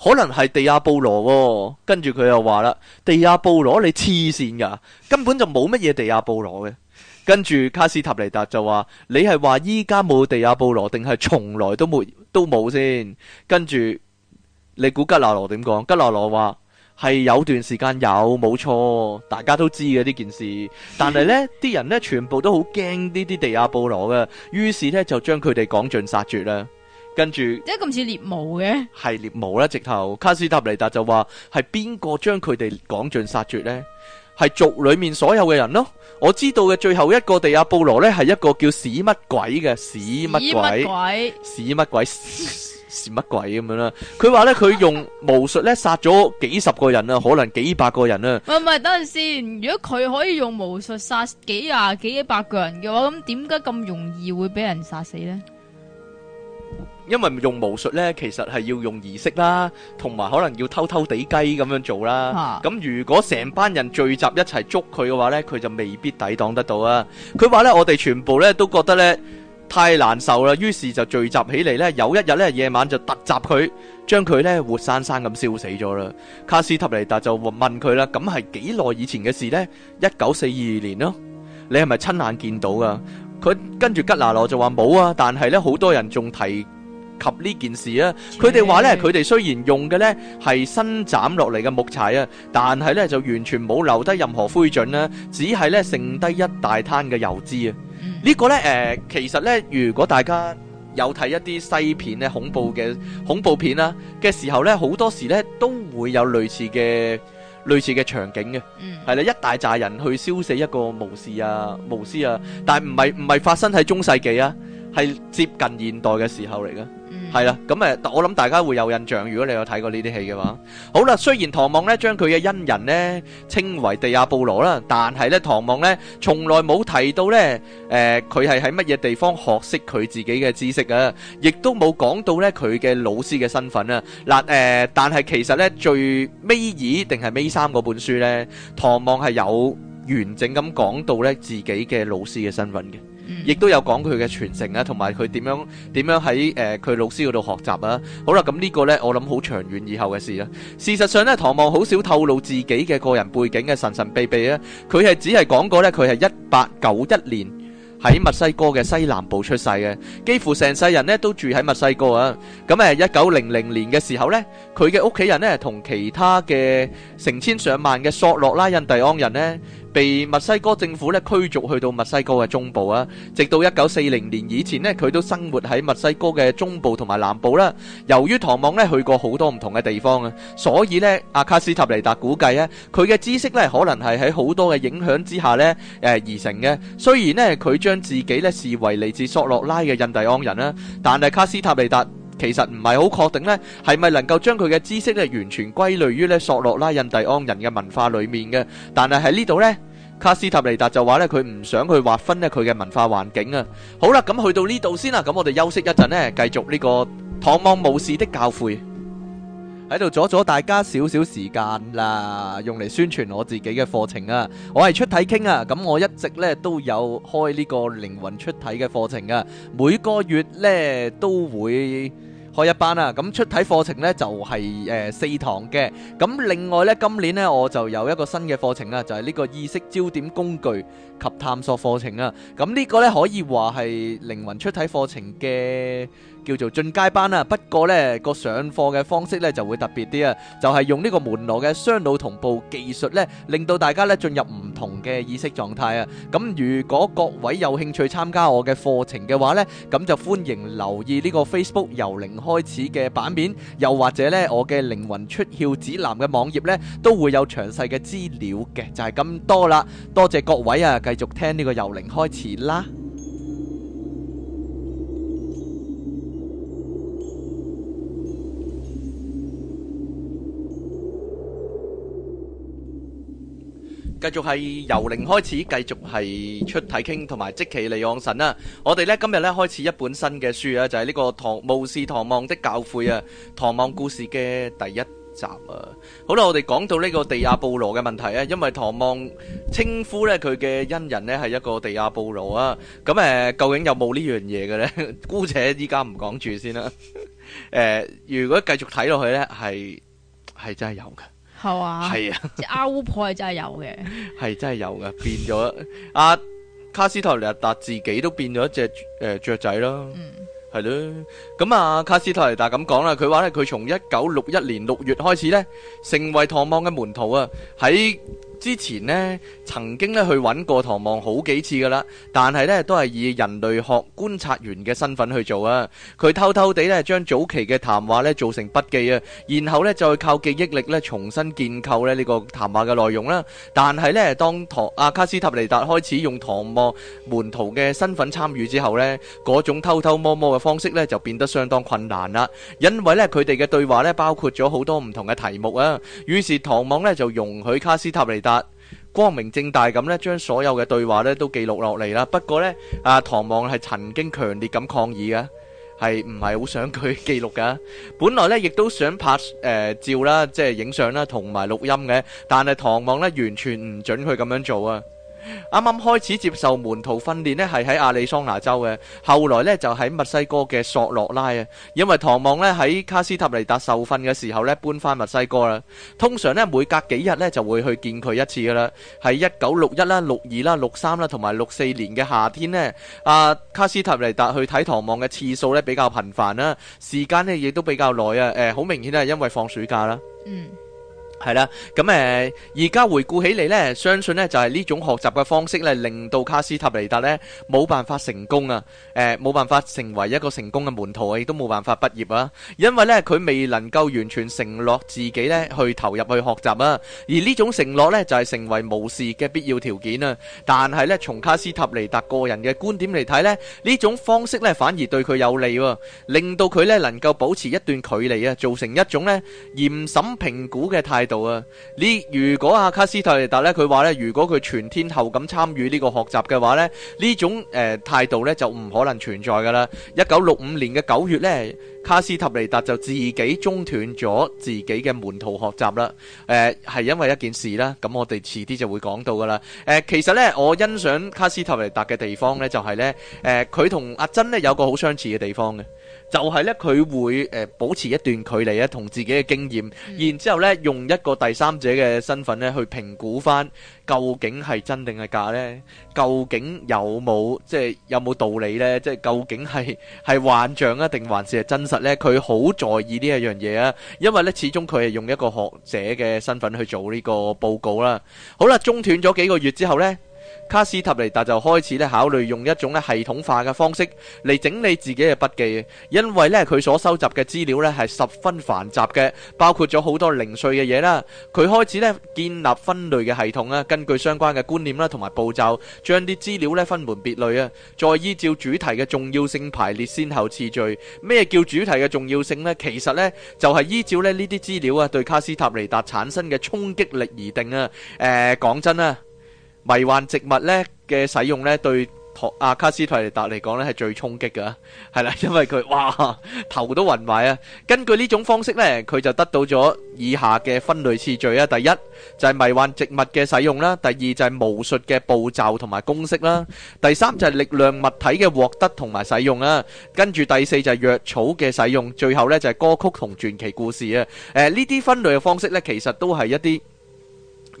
可能係地亞布羅喎、哦。跟住佢又話啦，地亞布羅你黐線噶，根本就冇乜嘢地亞布羅嘅。跟住卡斯塔尼達就話，你係話依家冇地亞布羅，定係從來都沒都冇先？跟住。你估吉拿羅點講？吉拿羅話係有段時間有，冇錯，大家都知嘅呢件事。但係呢啲 人呢，全部都好驚呢啲地亞布羅嘅，於是呢就將佢哋趕盡殺絕啦。跟住即係咁似獵巫嘅，係獵巫啦！直頭卡斯塔尼達就話，係邊個將佢哋趕盡殺絕呢？係族裏面所有嘅人咯。我知道嘅最後一個地亞布羅呢，係一個叫屎乜鬼嘅，屎乜鬼屎乜鬼屎乜鬼。屎 是乜鬼咁樣啦？佢話咧，佢用巫術咧殺咗幾十個人啊，可能幾百個人啦。唔 係，等陣先。如果佢可以用巫術殺幾廿幾百個人嘅話，咁點解咁容易會俾人殺死呢？因為用巫術咧，其實係要用儀式啦，同埋可能要偷偷地雞咁樣做啦。咁 如果成班人聚集一齊捉佢嘅話咧，佢就未必抵擋得到啊。佢話咧，我哋全部咧都覺得咧。太難受啦，於是就聚集起嚟，呢。有一日呢夜晚就突襲佢，將佢呢活生生咁燒死咗啦。卡斯塔尼達就問佢啦，咁係幾耐以前嘅事呢？一九四二年咯。你係咪親眼見到噶？佢跟住，吉拿羅就話冇啊，但係呢好多人仲提及呢件事啊。佢哋話呢，佢 哋雖然用嘅呢係新斬落嚟嘅木柴啊，但係呢就完全冇留低任何灰燼啦，只係呢剩低，一大攤嘅油脂啊。呢、這個呢誒、呃，其實呢，如果大家有睇一啲西片咧，恐怖嘅恐怖片啦、啊、嘅時候呢，好多時呢都會有類似嘅類似嘅場景嘅，係、嗯、啦，一大扎人去燒死一個巫士啊，巫師啊，但係唔係唔係發生喺中世紀啊，係接近現代嘅時候嚟㗎。嗯係啦，咁啊，我諗大家會有印象，如果你有睇過呢啲戲嘅話，好啦，雖然唐望咧將佢嘅恩人咧稱為地亞布羅啦，但係呢，唐望咧從來冇提到呢，誒、呃，佢係喺乜嘢地方學識佢自己嘅知識啊，亦都冇講到呢佢嘅老師嘅身份啊，嗱，誒，但係其實呢，最尾二定係尾三嗰本書呢，唐望係有完整咁講到呢自己嘅老師嘅身份嘅。亦都有講佢嘅傳承啊，同埋佢點樣點樣喺誒佢老師嗰度學習啊。好啦，咁呢個呢，我諗好長遠以後嘅事啦。事實上呢，唐望好少透露自己嘅個人背景嘅，神神秘秘啊。佢係只係講過呢，佢係一八九一年喺墨西哥嘅西南部出世嘅，幾乎成世人呢都住喺墨西哥啊。咁誒，一九零零年嘅時候呢，佢嘅屋企人呢，同其他嘅成千上萬嘅索諾拉印第安人呢，被墨西哥政府咧驅逐去到墨西哥嘅中部啊，直到一九四零年以前咧，佢都生活喺墨西哥嘅中部同埋南部啦。由於唐望咧去過好多唔同嘅地方啊，所以咧阿卡斯塔尼達估計啊，佢嘅知識咧可能係喺好多嘅影響之下咧誒而成嘅。雖然咧佢將自己咧視為嚟自索羅拉嘅印第安人啦，但係卡斯塔尼達其實唔係好確定咧係咪能夠將佢嘅知識咧完全歸類於咧索羅拉印第安人嘅文化裡面嘅。但係喺呢度咧。卡斯塔尼達就話咧，佢唔想去劃分咧佢嘅文化環境啊。好啦，咁去到呢度先啦，咁我哋休息一陣呢，繼續呢個唐望巫士的教誨，喺度阻咗大家少少時間啦，用嚟宣傳我自己嘅課程啊。我係出體傾啊，咁我一直咧都有開呢個靈魂出體嘅課程啊，每個月咧都會。開一班啦，咁出體課程呢就係呃四堂嘅，咁另外呢，今年呢我就有一個新嘅課程啦，就係呢個意識焦點工具及探索課程啦，咁呢個呢可以話係靈魂出體課程嘅。叫做進階班啦，不過呢個上課嘅方式咧就會特別啲啊，就係用呢個門羅嘅雙腦同步技術咧，令到大家咧進入唔同嘅意識狀態啊。咁如果各位有興趣參加我嘅課程嘅話咧，咁就歡迎留意呢個 Facebook 由零開始嘅版面，又或者咧我嘅靈魂出竅指南嘅網頁咧都會有詳細嘅資料嘅，就係咁多啦。多謝各位啊，繼續聽呢個由零開始啦。繼續係由零開始，繼續係出體傾，同埋即期利昂神。我哋呢，今日呢，開始一本新嘅書，就係呢個唐，巫士唐望的教誨，唐望故事嘅第一集。好啦，我哋講到呢個地亞布羅嘅問題，因為唐望，稱呼呢，佢嘅恩人呢，係一個地亞布羅，咁，究竟有冇呢樣嘢㗎呢？ 姑且依家唔講住先啦。 係啊，即係阿烏婆係真係有嘅，係 真係有嘅，變咗阿、 啊、卡斯托尼達自己都變咗一隻誒雀仔咯，係咯，咁、嗯、啊卡斯托尼達咁講啦，佢話咧佢從一九六一年六月開始咧，成為唐望嘅門徒啊，喺。之前呢，曾經呢去揾過唐望好幾次噶啦，但係呢，都係以人類學觀察員嘅身份去做啊。佢偷偷地呢將早期嘅談話呢做成筆記啊，然後呢再靠記憶力呢重新建構呢呢個談話嘅內容啦。但係呢，當唐阿卡斯塔尼達開始用唐望門徒嘅身份參與之後呢，嗰種偷偷摸摸嘅方式呢就變得相當困難啦，因為呢，佢哋嘅對話呢包括咗好多唔同嘅題目啊。於是唐望呢就容許卡斯塔尼。光明正大咁咧，將所有嘅對話咧都記錄落嚟啦。不過咧，阿、啊、唐望係曾經強烈咁抗議嘅，係唔係好想佢記錄㗎？本來咧亦都想拍、呃、照啦，即係影相啦，同埋錄音嘅。但係唐望咧完全唔準佢咁樣做啊！啱啱開始接受門徒訓練呢係喺亞利桑拿州嘅，後來呢就喺墨西哥嘅索洛拉啊。因為唐望呢喺卡斯塔尼達受訓嘅時候呢搬翻墨西哥啦。通常呢，每隔幾日呢就會去見佢一次噶啦。喺一九六一啦、六二啦、六三啦同埋六四年嘅夏天呢，阿卡斯塔尼達去睇唐望嘅次數呢比較頻繁啦，時間呢亦都比較耐啊。誒，好明顯係因為放暑假啦。嗯。係啦，咁誒，而家回顧起嚟咧，相信咧就係呢種學習嘅方式咧，令到卡斯塔尼達咧冇辦法成功啊，誒，冇辦法成為一個成功嘅門徒，亦都冇辦法畢業啊，因為咧佢未能夠完全承諾自己咧去投入去學習啊，而呢種承諾咧就係成為巫士嘅必要條件啊，但係咧從卡斯塔尼達個人嘅觀點嚟睇咧，呢種方式咧反而對佢有利，令到佢咧能夠保持一段距離啊，造成一種咧嚴審評估嘅態度。度啊！呢如果阿卡斯特尼達呢，佢話呢，如果佢全天候咁參與呢個學習嘅話呢，呢種誒、呃、態度呢就唔可能存在噶啦。一九六五年嘅九月呢，卡斯特尼達就自己中斷咗自己嘅門徒學習啦。誒、呃，係因為一件事啦。咁我哋遲啲就會講到噶啦。誒、呃，其實呢，我欣賞卡斯特尼達嘅地方呢，就係，就係呢，誒，佢同阿珍呢有個好相似嘅地方嘅。就係咧，佢會誒保持一段距離啊，同自己嘅經驗，然之後咧，用一個第三者嘅身份咧去評估返，究竟係真定係假呢？究竟有冇，即係有冇道理呢？即係究竟係係幻象啊，定還是係真實呢？佢好在意呢一樣嘢啊，因為咧，始終佢係用一個學者嘅身份去做呢個報告啦。好啦，中斷咗幾個月之後呢。卡斯塔尼達就開始咧考慮用一種咧系統化嘅方式嚟整理自己嘅筆記，因為咧佢所收集嘅資料咧係十分繁雜嘅，包括咗好多零碎嘅嘢啦。佢開始咧建立分類嘅系統啊，根據相關嘅觀念啦同埋步驟，將啲資料咧分門別類啊，再依照主題嘅重要性排列先後次序。咩叫主題嘅重要性呢？其實呢就係依照呢呢啲資料啊對迷幻植物咧嘅使用咧，對阿卡斯泰尼達嚟講咧係最衝擊㗎，係啦，因為佢哇頭都暈埋啊！根據呢種方式咧，佢就得到咗以下嘅分類次序啊：第一就係、是、迷幻植物嘅使用啦；第二就係、是、巫術嘅步驟同埋公式啦；第三就係、是、力量物體嘅獲得同埋使用啦；跟住第四就係藥草嘅使用；最後咧就係歌曲同傳奇故事啊！誒、呃，呢啲分類嘅方式咧，其實都係一啲。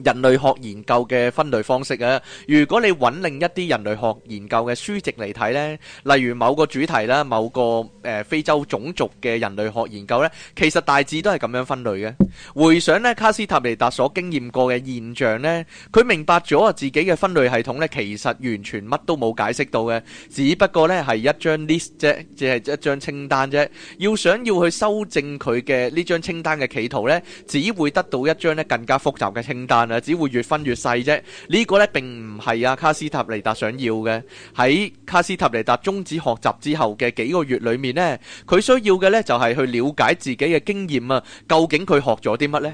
人類學研究嘅分類方式啊！如果你揾另一啲人類學研究嘅書籍嚟睇咧，例如某個主題啦，某個誒非洲種族嘅人類學研究咧，其實大致都係咁樣分類嘅。回想咧卡斯塔尼達所經驗過嘅現象咧，佢明白咗啊自己嘅分類系統咧，其實完全乜都冇解釋到嘅，只不過咧係一張 list 啫，即係一張清單啫。要想要去修正佢嘅呢張清單嘅企圖咧，只會得到一張咧更加複雜嘅清單。只會越分越細啫，呢個咧並唔係阿卡斯塔尼達想要嘅。喺卡斯塔尼達終止學習之後嘅幾個月裏面呢，佢需要嘅咧就係去了解自己嘅經驗啊，究竟佢學咗啲乜呢？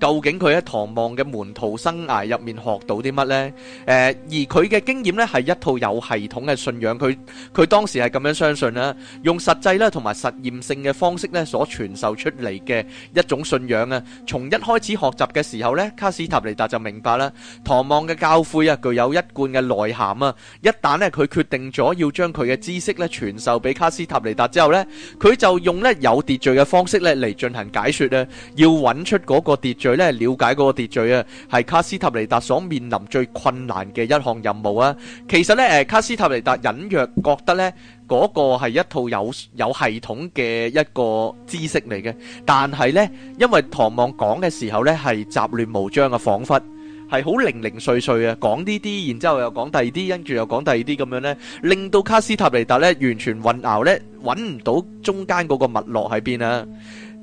究竟佢喺唐望嘅門徒生涯入面學到啲乜咧？誒，而佢嘅經驗咧係一套有系統嘅信仰，佢佢當時係咁樣相信啦，用實際咧同埋實驗性嘅方式咧所傳授出嚟嘅一種信仰啊。從一開始學習嘅時候咧，卡斯塔尼達就明白啦，唐望嘅教誨啊具有一貫嘅內涵啊。一旦咧佢決定咗要將佢嘅知識咧傳授俾卡斯塔尼達之後咧，佢就用咧有秩序嘅方式咧嚟進行解說咧，要揾出嗰個秩序。序了解嗰個秩序啊，係卡斯塔尼達所面臨最困難嘅一項任務啊。其實咧，誒，卡斯塔尼達隱約覺得咧，嗰個係一套有有系統嘅一個知識嚟嘅。但係咧，因為唐望講嘅時候咧，係雜亂無章嘅仿佛係好零零碎碎啊，講呢啲，然之後又講第二啲，跟住又講第二啲，咁樣咧，令到卡斯塔尼達咧完全混淆咧，搵唔到中間嗰個脈絡喺邊啊。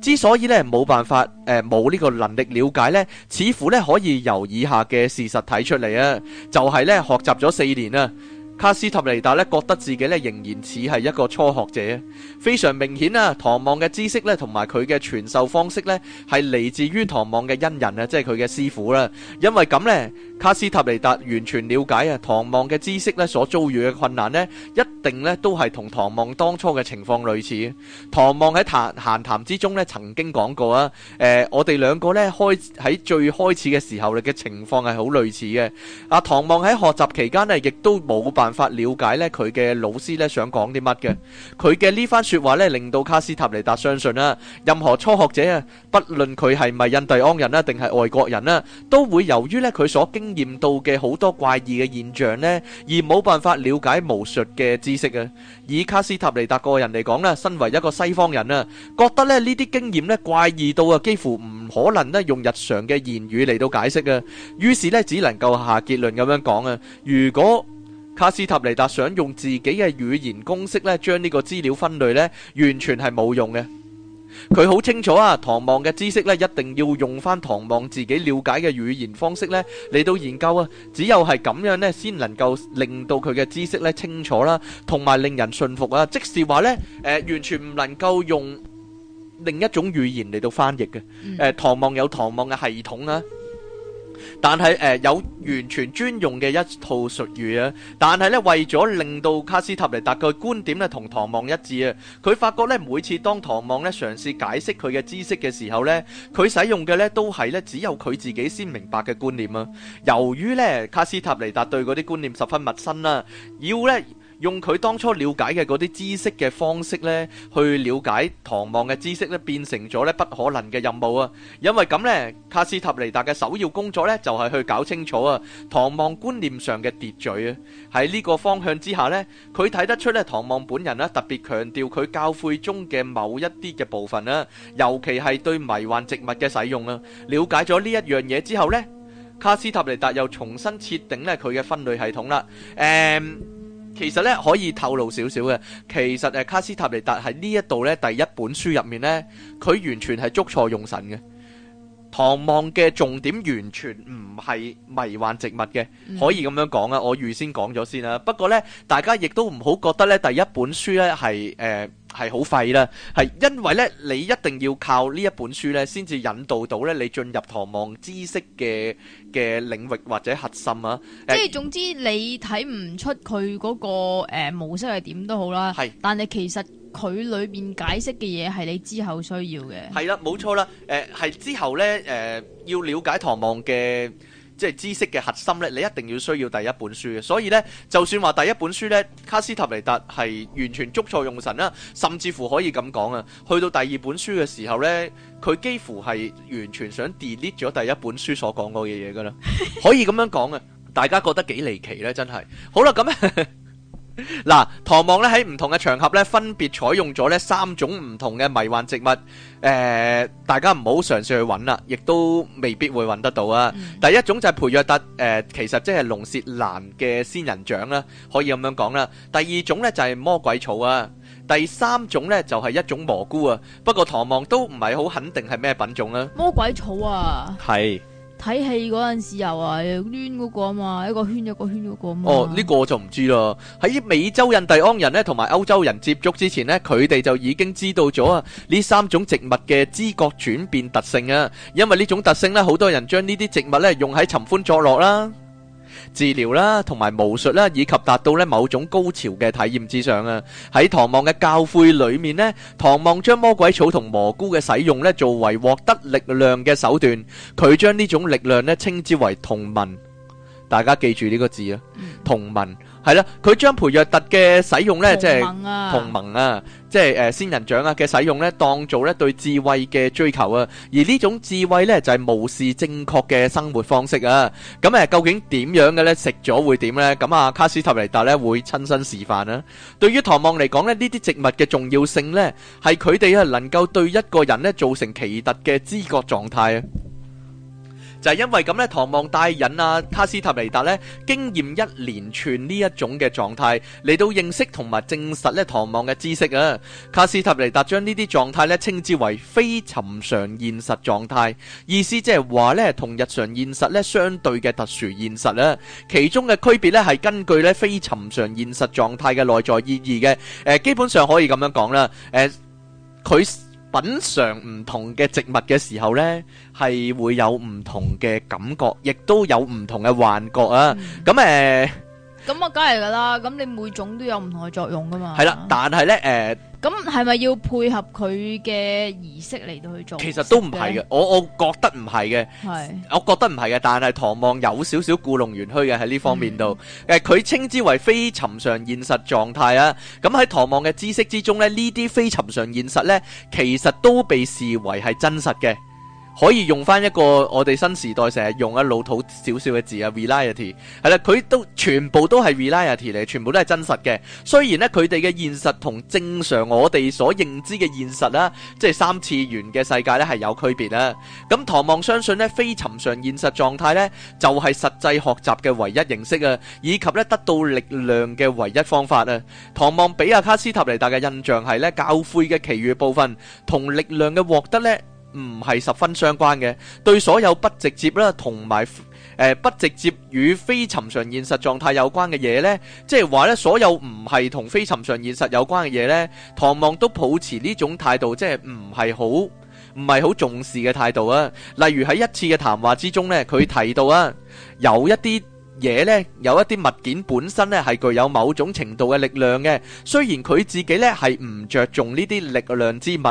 之所以咧冇辦法，呃，冇呢個能力了解咧，似乎咧可以由以下嘅事實睇出嚟啊，就係咧學習咗四年啦。卡斯塔尼達咧覺得自己咧仍然似係一個初學者，非常明顯啊。唐望嘅知識咧同埋佢嘅傳授方式咧係嚟自於唐望嘅恩人啊，即係佢嘅師傅啦。因為咁呢，卡斯塔尼達完全了解啊。唐望嘅知識咧所遭遇嘅困難呢，一定呢都係同唐望當初嘅情況類似。唐望喺談閒談之中呢曾經講過啊，誒、呃，我哋兩個咧開喺最開始嘅時候嘅情況係好類似嘅。啊，唐望喺學習期間呢亦都冇辦。法了解咧，佢嘅老師咧想講啲乜嘅？佢嘅呢番說話咧，令到卡斯塔尼達相信啦。任何初學者啊，不論佢係咪印第安人啦，定係外國人啦，都會由於咧佢所經驗到嘅好多怪異嘅現象咧，而冇辦法了解巫術嘅知識啊。以卡斯塔尼達個人嚟講咧，身為一個西方人啦，覺得咧呢啲經驗咧怪異到啊，幾乎唔可能咧用日常嘅言語嚟到解釋啊。於是咧，只能夠下結論咁樣講啊。如果卡斯塔尼達想用自己嘅語言公式咧，將呢個資料分類咧，完全係冇用嘅。佢好清楚啊，唐望嘅知識咧，一定要用翻唐望自己了解嘅語言方式咧嚟到研究啊。只有係咁樣咧，先能夠令到佢嘅知識咧清楚啦，同埋令人信服啊。即係話咧，誒，完全唔能夠用另一種語言嚟到翻譯嘅。誒，唐望有唐望嘅系統啊。但係誒、呃，有完全專用嘅一套術語啊！但係咧，為咗令到卡斯塔尼達嘅觀點咧同唐望一致啊，佢發覺咧每次當唐望咧嘗試解釋佢嘅知識嘅時候咧，佢使用嘅咧都係咧只有佢自己先明白嘅觀念啊！由於咧卡斯塔尼達對嗰啲觀念十分陌生啦，要咧。用佢當初了解嘅嗰啲知識嘅方式咧，去了解唐望嘅知識咧，變成咗咧不可能嘅任務啊！因為咁呢，卡斯塔尼達嘅首要工作咧就係去搞清楚啊唐望觀念上嘅秩序啊。喺呢個方向之下呢，佢睇得出咧唐望本人呢，特別強調佢教誨中嘅某一啲嘅部分啦，尤其係對迷幻植物嘅使用啊。了解咗呢一樣嘢之後呢，卡斯塔尼達又重新設定咧佢嘅分類系統啦，誒其實咧可以透露少少嘅，其實誒卡斯塔尼達喺呢一度咧第一本書入面咧，佢完全係捉錯用神嘅。唐望嘅重點完全唔係迷幻植物嘅，可以咁樣講啊！我預先講咗先啦。不過呢，大家亦都唔好覺得呢第一本書呢係誒係好廢啦。係因為呢，你一定要靠呢一本書呢先至引導到呢你進入唐望知識嘅嘅領域或者核心啊。即係總之你看不、那個，你睇唔出佢嗰個誒模式係點都好啦。係，但係其實。佢裏面解釋嘅嘢係你之後需要嘅，係啦，冇錯啦，誒，係之後呢，誒、呃，要了解《唐望》嘅即係知識嘅核心呢，你一定要需要第一本書，所以呢，就算話第一本書呢，卡斯塔尼達係完全捉錯用神啦，甚至乎可以咁講啊，去到第二本書嘅時候呢，佢幾乎係完全想 delete 咗第一本書所講過嘅嘢噶啦， 可以咁樣講啊，大家覺得幾離奇呢？真係，好啦，咁。 嗱、啊，唐望咧喺唔同嘅場合咧，分別採用咗呢三種唔同嘅迷幻植物，誒、呃，大家唔好嘗試去揾啦，亦都未必會揾得到啊、嗯。第一種就係培約特，誒、呃，其實即係龍舌蘭嘅仙人掌啦，可以咁樣講啦。第二種呢就係魔鬼草啊，第三種呢就係一種蘑菇啊。不過唐望都唔係好肯定係咩品種啊。魔鬼草啊，係。睇戲嗰陣時又啊，攣嗰啊嘛，一個圈一個圈嗰啊嘛。哦，呢、呢個我就唔知啦。喺美洲印第安人咧同埋歐洲人接觸之前咧，佢哋就已經知道咗啊呢三種植物嘅知覺轉變特性啊，因為呢種特性咧，好多人將呢啲植物咧用喺尋歡作樂啦。治療啦，同埋巫術啦，以及達到咧某種高潮嘅體驗之上啊！喺唐望嘅教誨裏面咧，唐望將魔鬼草同蘑菇嘅使用咧，作為獲得力量嘅手段。佢將呢種力量咧稱之為同盟。大家記住呢個字啊，同盟係啦。佢將培若特嘅使用咧，即係同盟啊。即係誒仙人掌啊嘅使用呢，當做呢對智慧嘅追求啊，而呢種智慧呢就係無視正確嘅生活方式啊。咁誒究竟點樣嘅呢？食咗會點呢？咁啊卡斯塔尼達呢會親身示範啦。對於唐望嚟講呢，呢啲植物嘅重要性呢係佢哋啊能夠對一個人呢造成奇特嘅知覺狀態啊。就係、是、因為咁咧，唐望帶引啊卡斯塔尼達咧經驗一連串呢一種嘅狀態，嚟到認識同埋證實咧唐望嘅知識啊。卡斯塔尼達將呢啲狀態咧稱之為非尋常現實狀態，意思即係話咧同日常現實咧相對嘅特殊現實啦。其中嘅區別咧係根據咧非尋常現實狀態嘅內在意義嘅、呃。基本上可以咁樣講啦。誒、呃、佢。品嚐唔同嘅植物嘅時候咧，係會有唔同嘅感覺，亦都有唔同嘅幻覺啊！咁、嗯、誒，咁啊，梗係噶啦！咁你每種都有唔同嘅作用噶嘛？係啦，但係咧誒。呃咁係咪要配合佢嘅儀式嚟到去做？其實都唔係嘅，我我覺得唔係嘅，係。我覺得唔係嘅。但係唐望有少少故弄玄虛嘅喺呢方面度、嗯。佢稱之為非尋常現實狀態啊。咁喺唐望嘅知識之中咧，呢啲非尋常現實咧，其實都被視為係真實嘅。可以用翻一個我哋新時代成日用嘅老土少少嘅字啊，reality 係啦，佢都全部都係 reality 嚟，全部都係真實嘅。雖然呢，佢哋嘅現實同正常我哋所認知嘅現實啦，即係三次元嘅世界呢，係有區別啦。咁唐望相信呢，非尋常現實狀態呢，就係實際學習嘅唯一形式啊，以及呢，得到力量嘅唯一方法啊。唐望比亞卡斯塔尼達嘅印象係呢，教誨嘅其餘部分同力量嘅獲得呢。唔係十分相關嘅，對所有不直接啦，同埋、呃、不直接與非尋常現實狀態有關嘅嘢呢，即係話呢，所有唔係同非尋常現實有關嘅嘢呢，唐望都抱持呢種態度，即係唔係好唔係好重視嘅態度啊。例如喺一次嘅談話之中呢，佢提到啊，有一啲嘢呢，有一啲物件本身呢，係具有某種程度嘅力量嘅。雖然佢自己呢，係唔着重呢啲力量之物，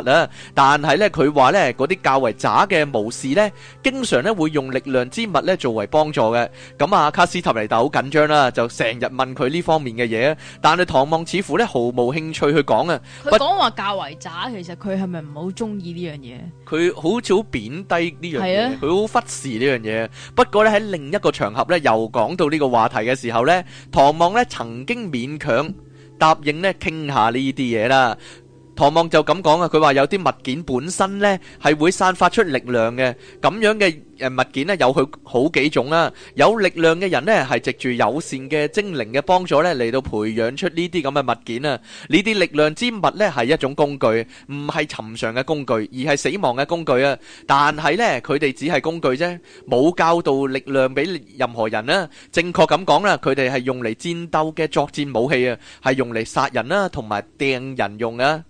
但係呢，佢話呢，嗰啲較為渣嘅巫士呢，經常呢，會用力量之物呢，作為幫助嘅。咁啊，卡斯塔尼達就好緊張啦，就成日問佢呢方面嘅嘢，但係唐望似乎呢，毫無興趣去講。佢講話較為渣，其實佢係咪唔好鍾意呢樣嘢？佢好少貶低呢樣嘢，佢好忽視呢樣嘢，不過呢，喺到呢個話題嘅時候呢，唐望呢曾經勉強答應呢傾下呢啲嘢啦。唐望就咁講啊，佢話有啲物件本身呢係會散發出力量嘅咁樣嘅誒物件呢有佢好幾種啦。有力量嘅人呢係藉住友善嘅精靈嘅幫助呢嚟到培養出呢啲咁嘅物件啊。呢啲力量之物呢係一種工具，唔係尋常嘅工具，而係死亡嘅工具啊。但係呢佢哋只係工具啫，冇教導力量俾任何人啊。正確咁講啦，佢哋係用嚟戰鬥嘅作戰武器啊，係用嚟殺人啦，同埋掟人用啊。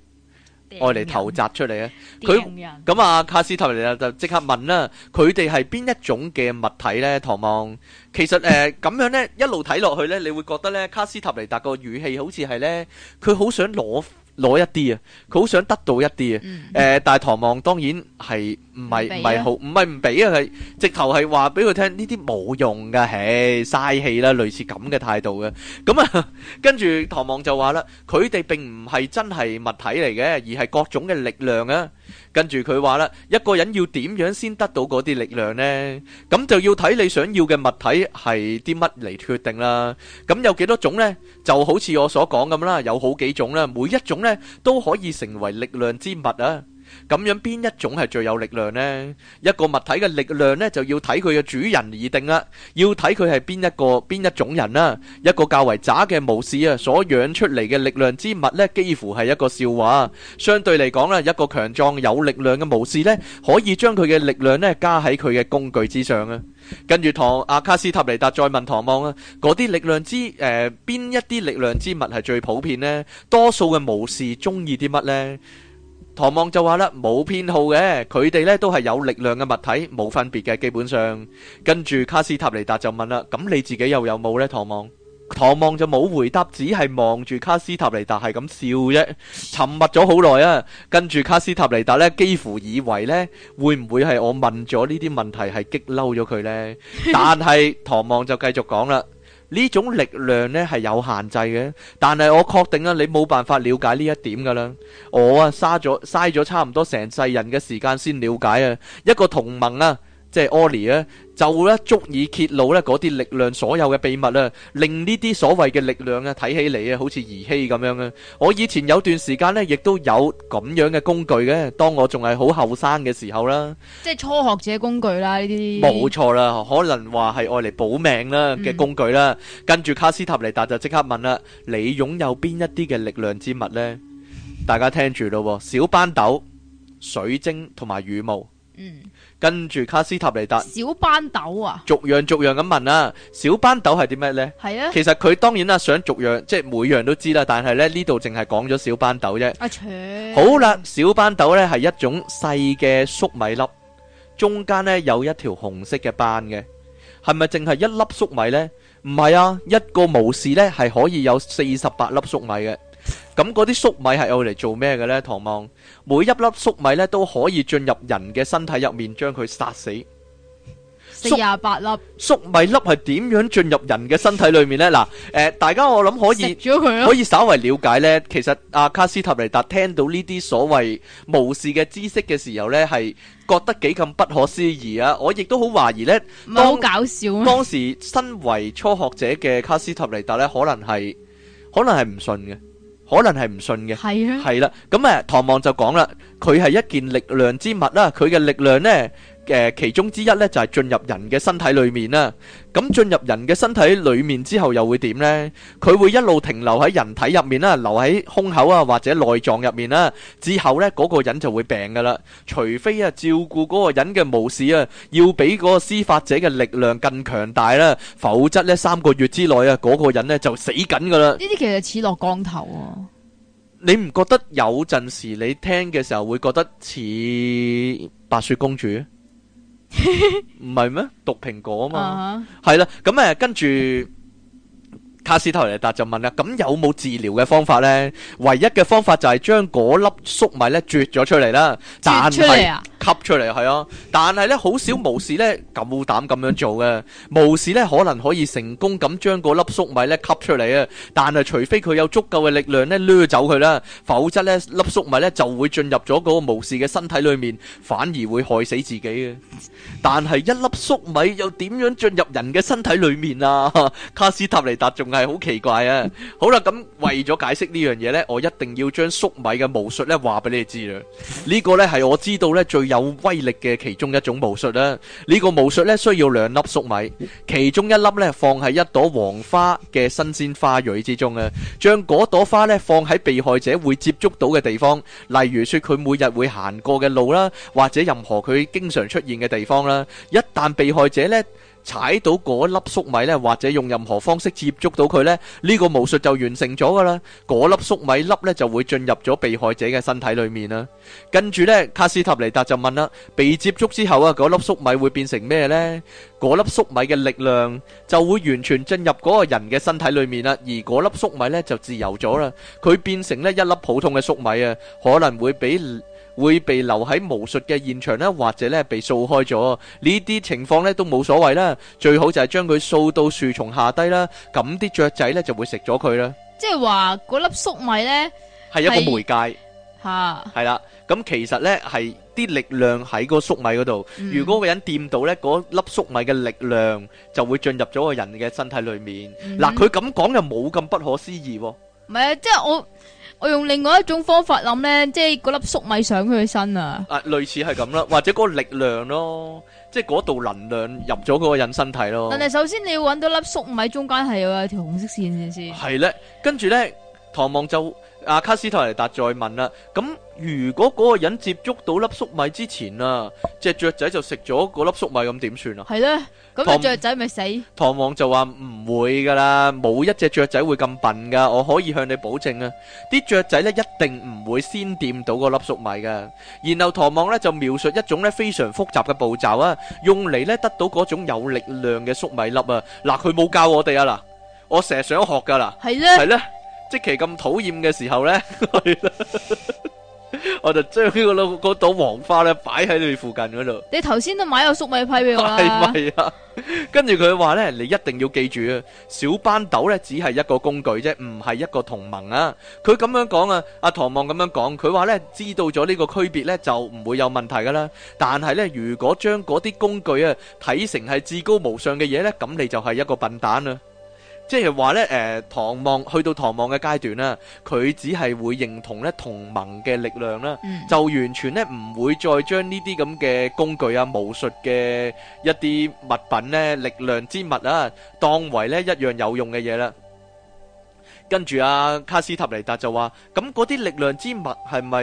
外嚟投擲出嚟啊，佢咁啊，卡斯塔尼達就即刻問啦，佢哋係邊一種嘅物體咧？唐望其實誒咁、呃、 樣咧，一路睇落去咧，你會覺得咧卡斯塔尼達個語氣好似係咧，佢好想攞。攞一啲啊，佢好想得到一啲啊，誒、嗯，呃、 但係唐望當然係唔係唔係好，唔係唔俾啊，係直頭係話俾佢聽呢啲冇用㗎，誒，嘥氣啦，類似咁嘅態度嘅，咁啊，跟住唐望就話啦，佢哋並唔係真係物體嚟嘅，而係各種嘅力量啊。跟住佢話啦，一個人要點樣先得到嗰啲力量呢？咁就要睇你想要嘅物體係啲乜嚟決定啦。咁有幾多種呢？就好似我所講咁啦，有好幾種啦，每一種呢都可以成為力量之物啊。咁樣邊一種係最有力量呢？一個物體嘅力量呢，就要睇佢嘅主人而定啦，要睇佢係邊一個邊一種人啦。一個較為渣嘅巫士啊，所養出嚟嘅力量之物呢，幾乎係一個笑話。相對嚟講啦，一個強壯有力量嘅巫士呢，可以將佢嘅力量呢加喺佢嘅工具之上啊。跟住唐阿卡斯塔尼達再問唐望啊，嗰啲力量之誒，邊一啲力量之物係最普遍呢？多數嘅巫士中意啲乜呢？唐望就話啦，冇偏好嘅，佢哋呢都係有力量嘅物體，冇分別嘅，基本上。跟住卡斯塔尼達就問啦，「咁你自己又有冇呢？」唐望，唐望就冇回答，只係望住卡斯塔尼達係咁笑啫。沉默咗好耐啊，跟住卡斯塔尼達呢幾乎以為呢會唔會係我問咗呢啲問題係激嬲咗佢呢？但係唐 望就繼續講啦。呢種力量咧係有限制嘅，但係我確定啊你冇辦法了解呢一點噶啦。我啊，嘥咗嘥咗差唔多成世人嘅時間先了解啊，一個同盟啊。即係 Oli 咧，就咧足以揭露咧嗰啲力量所有嘅秘密啦，令呢啲所謂嘅力量啊，睇起嚟啊，好似兒戲咁樣啊！我以前有段時間咧，亦都有咁樣嘅工具嘅，當我仲係好後生嘅時候啦。即係初學者工具啦，呢啲冇錯啦，可能話係愛嚟保命啦嘅工具啦。跟住卡斯塔尼達就即刻問啦：你擁有邊一啲嘅力量之物咧？大家聽住咯，小班豆、水晶同埋羽毛。嗯。跟住卡斯塔尼達小斑豆啊，逐樣逐樣咁問啊。小斑豆係點咩呢？係啊，其實佢當然啦，想逐樣即係每樣都知啦。但係呢呢度淨係講咗小斑豆啫。阿、啊、好啦，小斑豆呢係一種細嘅粟米粒，中間呢有一條紅色嘅斑嘅。係咪淨係一粒粟米呢？唔係啊，一個巫士呢係可以有四十八粒粟米嘅。咁嗰啲粟米係用嚟做咩嘅呢？唐望，每一粒粟米呢都可以進入人嘅身體入面，將佢殺死。四十八粒粟米粒係點樣進入人嘅身體裏面呢？嗱，誒，大家我諗可以可以稍為了解呢。其實阿、啊、卡斯塔尼達聽到呢啲所謂巫士嘅知識嘅時候呢，係覺得幾咁不可思議啊！我亦都好懷疑呢，好搞笑。當時身為初學者嘅卡斯塔尼達呢，可能係可能係唔信嘅。可能係唔信嘅，係啊，係啦，咁誒，唐望就講啦，佢係一件力量之物啦，佢嘅力量呢。誒其中之一咧就係進入人嘅身體裏面啦咁進入人嘅身體裏面之後又會點咧佢會一路停留喺人體入面啦留喺胸口啊或者內臟入面啦之後咧嗰個人就會病噶啦除非啊照顧嗰個人嘅巫士啊要比嗰個施法者嘅力量更強大啦否則咧三個月之內啊嗰個人咧就死緊噶啦唔係咩？毒蘋果啊嘛，係、uh-huh. 啦，咁誒、嗯，跟住。 卡斯塔尼達就問啦：咁有冇治療嘅方法咧？唯一嘅方法就係將嗰粒粟米咧啜咗出嚟啦。但係吸出嚟係啊，但係咧好少巫士咧咁膽咁樣做嘅。巫士咧可能可以成功咁將嗰粒粟米咧吸出嚟啊！但係除非佢有足夠嘅力量咧掠走佢啦，否則咧粒粟米咧就會進入咗嗰個巫士嘅身體裏面，反而會害死自己。但係一粒粟米又點樣進入人嘅身體裏面啊？卡斯塔尼達仲係。係好奇怪啊！好啦，咁為咗解釋呢樣嘢咧，我一定要將粟米嘅巫術咧話俾你哋知啦。呢個咧係我知道咧最有威力嘅其中一種巫術啦。呢個巫術咧需要兩粒粟米，其中一粒咧放喺一朵黃花嘅新鮮花蕊之中啊。將嗰朵花咧放喺被害者會接觸到嘅地方，例如說佢每日會行過嘅路啦，或者任何佢經常出現嘅地方啦。一旦被害者咧，踩到嗰粒粟米呢，或者用任何方式接觸到佢呢，呢個巫術就完成咗噶啦。嗰粒粟米粒呢就會進入咗被害者嘅身體裏面啦。跟住呢，卡斯塔尼達就問啦：被接觸之後啊，嗰粒粟米會變成咩呢？嗰粒粟米嘅力量就會完全進入嗰個人嘅身體裏面啦，而嗰粒粟米呢就自由咗啦。佢變成呢一粒普通嘅粟米啊，可能會俾。會被留喺巫術嘅現場咧，或者咧被掃開咗，呢啲情況咧都冇所謂啦。最好就係將佢掃到樹叢下低啦，咁啲雀仔咧就會食咗佢啦。即係話嗰粒粟米咧係一個媒介吓，係啦。咁其實咧係啲力量喺個粟米嗰度。如果個人掂到咧，嗰粒粟米嘅力量就會進入咗個人嘅身體裏面。嗱，佢咁講又冇咁不可思議。唔係啊，即係我。我用另外一種方法諗咧，即係嗰粒粟米上佢身啊！啊，類似係咁啦，或者嗰個力量咯，即係嗰度能量入咗佢個人身體咯。但係首先你要揾到粒粟米中間係有條紅色線先。係咧，跟住咧，唐望就。阿卡斯特尼達再問啦，咁如果嗰個人接觸到粒粟米之前啊，隻雀仔就食咗嗰粒粟米，咁點算啊？係咧，咁隻雀仔咪死？唐望就話唔會噶啦，冇一隻雀仔會咁笨噶，我可以向你保證啊！啲雀仔咧一定唔會先掂到嗰粒粟米噶。然後唐望咧就描述一種咧非常複雜嘅步驟啊，用嚟咧得到嗰種有力量嘅粟米粒啊。嗱，佢冇教我哋啊嗱，我成日想學噶啦，係咧，係咧。即期咁討厭嘅時候咧，我就將呢個老嗰朵黃花咧擺喺你附近嗰度。你頭先都買咗粟米批俾我啊！係啊，跟住佢話咧，你一定要記住啊，小班斗咧只係一個工具啫，唔係一個同盟啊。佢咁樣講啊，阿唐望咁樣講，佢話咧知道咗呢個區別咧就唔會有問題噶啦。但係咧，如果將嗰啲工具啊睇成係至高無上嘅嘢咧，咁你就係一個笨蛋啦。即係話咧，誒、呃、唐望去到唐望嘅階段啦，佢只係會認同咧同盟嘅力量啦、嗯，就完全咧唔會再將呢啲咁嘅工具啊、巫術嘅一啲物品咧、力量之物啊，當為咧一樣有用嘅嘢啦。跟住阿、啊、卡斯塔尼達就話：咁嗰啲力量之物係咪，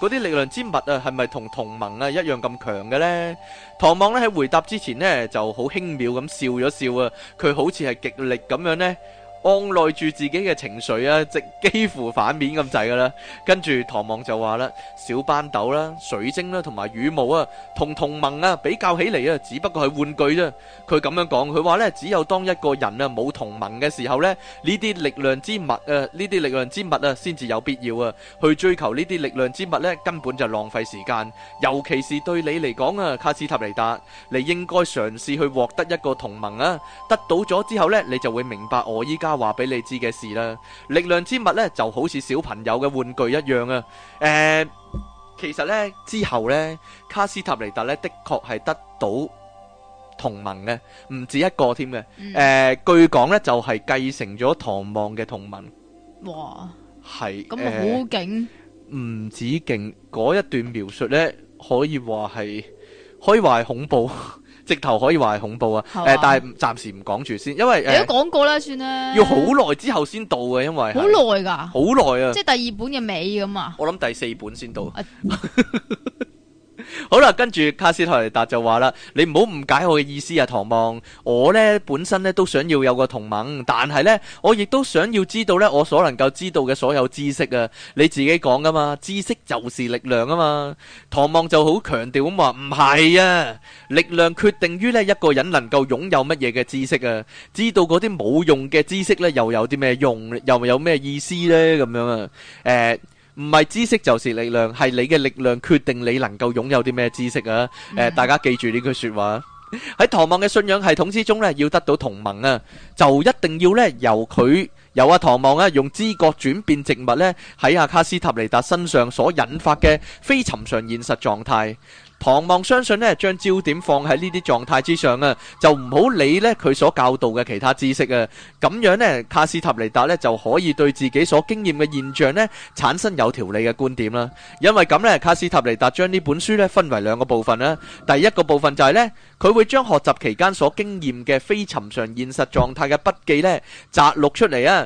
嗰啲力量之物啊，係咪同同盟啊一樣咁強嘅呢？唐望咧喺回答之前呢，就輕妙笑笑，好輕蔑咁笑咗笑啊，佢好似係極力咁樣呢。按耐住自己嘅情緒啊，即幾乎反面咁滯噶啦。跟住唐望就話啦：小斑豆啦、水晶啦、同埋羽毛啊，同同盟啊比較起嚟啊，只不過係玩具啫。佢咁樣講，佢話咧只有當一個人啊冇同盟嘅時候咧，呢啲力量之物啊，呢啲力量之物啊，先至有必要啊，去追求呢啲力量之物咧，根本就係浪費時間。尤其是對你嚟講啊，卡斯塔尼達，你應該嘗試去獲得一個同盟啊。得到咗之後咧，你就會明白我依家家話俾你知嘅事啦，力量之物呢就好似小朋友嘅玩具一樣啊！誒、呃，其實呢，之後呢，卡斯塔尼達呢的確係得到同盟嘅，唔止一個添嘅。誒、嗯呃，據講咧就係、是、繼承咗唐望嘅同盟。哇，係咁好勁，唔、呃、止勁，嗰一段描述呢，可以話係，可以話係恐怖。直頭可以話係恐怖啊，誒吧，但係暫時唔講住先，因為你都講過啦，算啦。要好耐之後先到啊，因為好耐噶，好耐啊，即係第二本嘅尾咁啊。我諗第四本先到。啊 好啦，跟住卡斯托尼達就話啦，你唔好誤解我嘅意思啊，唐望。我呢本身呢都想要有個同盟，但係呢，我亦都想要知道呢我所能夠知道嘅所有知識啊。你自己講噶嘛，知識就是力量啊嘛。唐望就好強調咁話，唔係啊，力量決定於呢一個人能夠擁有乜嘢嘅知識啊。知道嗰啲冇用嘅知識呢，又有啲咩用，又有咩意思呢？咁樣啊，誒、欸。唔係知識就是力量，係你嘅力量決定你能夠擁有啲咩知識啊！呃 mm-hmm。大家記住呢句說話。喺唐 望嘅信仰系統之中咧，要得到同盟啊，就一定要咧由佢。有啊，唐望呢用知覺轉變植物呢，喺阿卡斯塔尼達身上所引發嘅非尋常現實狀態。唐望相信呢，將焦點放喺呢啲狀態之上啊，就唔好理呢佢所教導嘅其他知識啊。咁樣呢，卡斯塔尼達呢就可以對自己所經驗嘅現象呢產生有條理嘅觀點啦。因為咁呢，卡斯塔尼達將呢本書呢分為兩個部分啦。第一個部分就係呢，佢會將學習期間所經驗嘅非尋常現實狀態嘅筆記呢摘錄出嚟啊。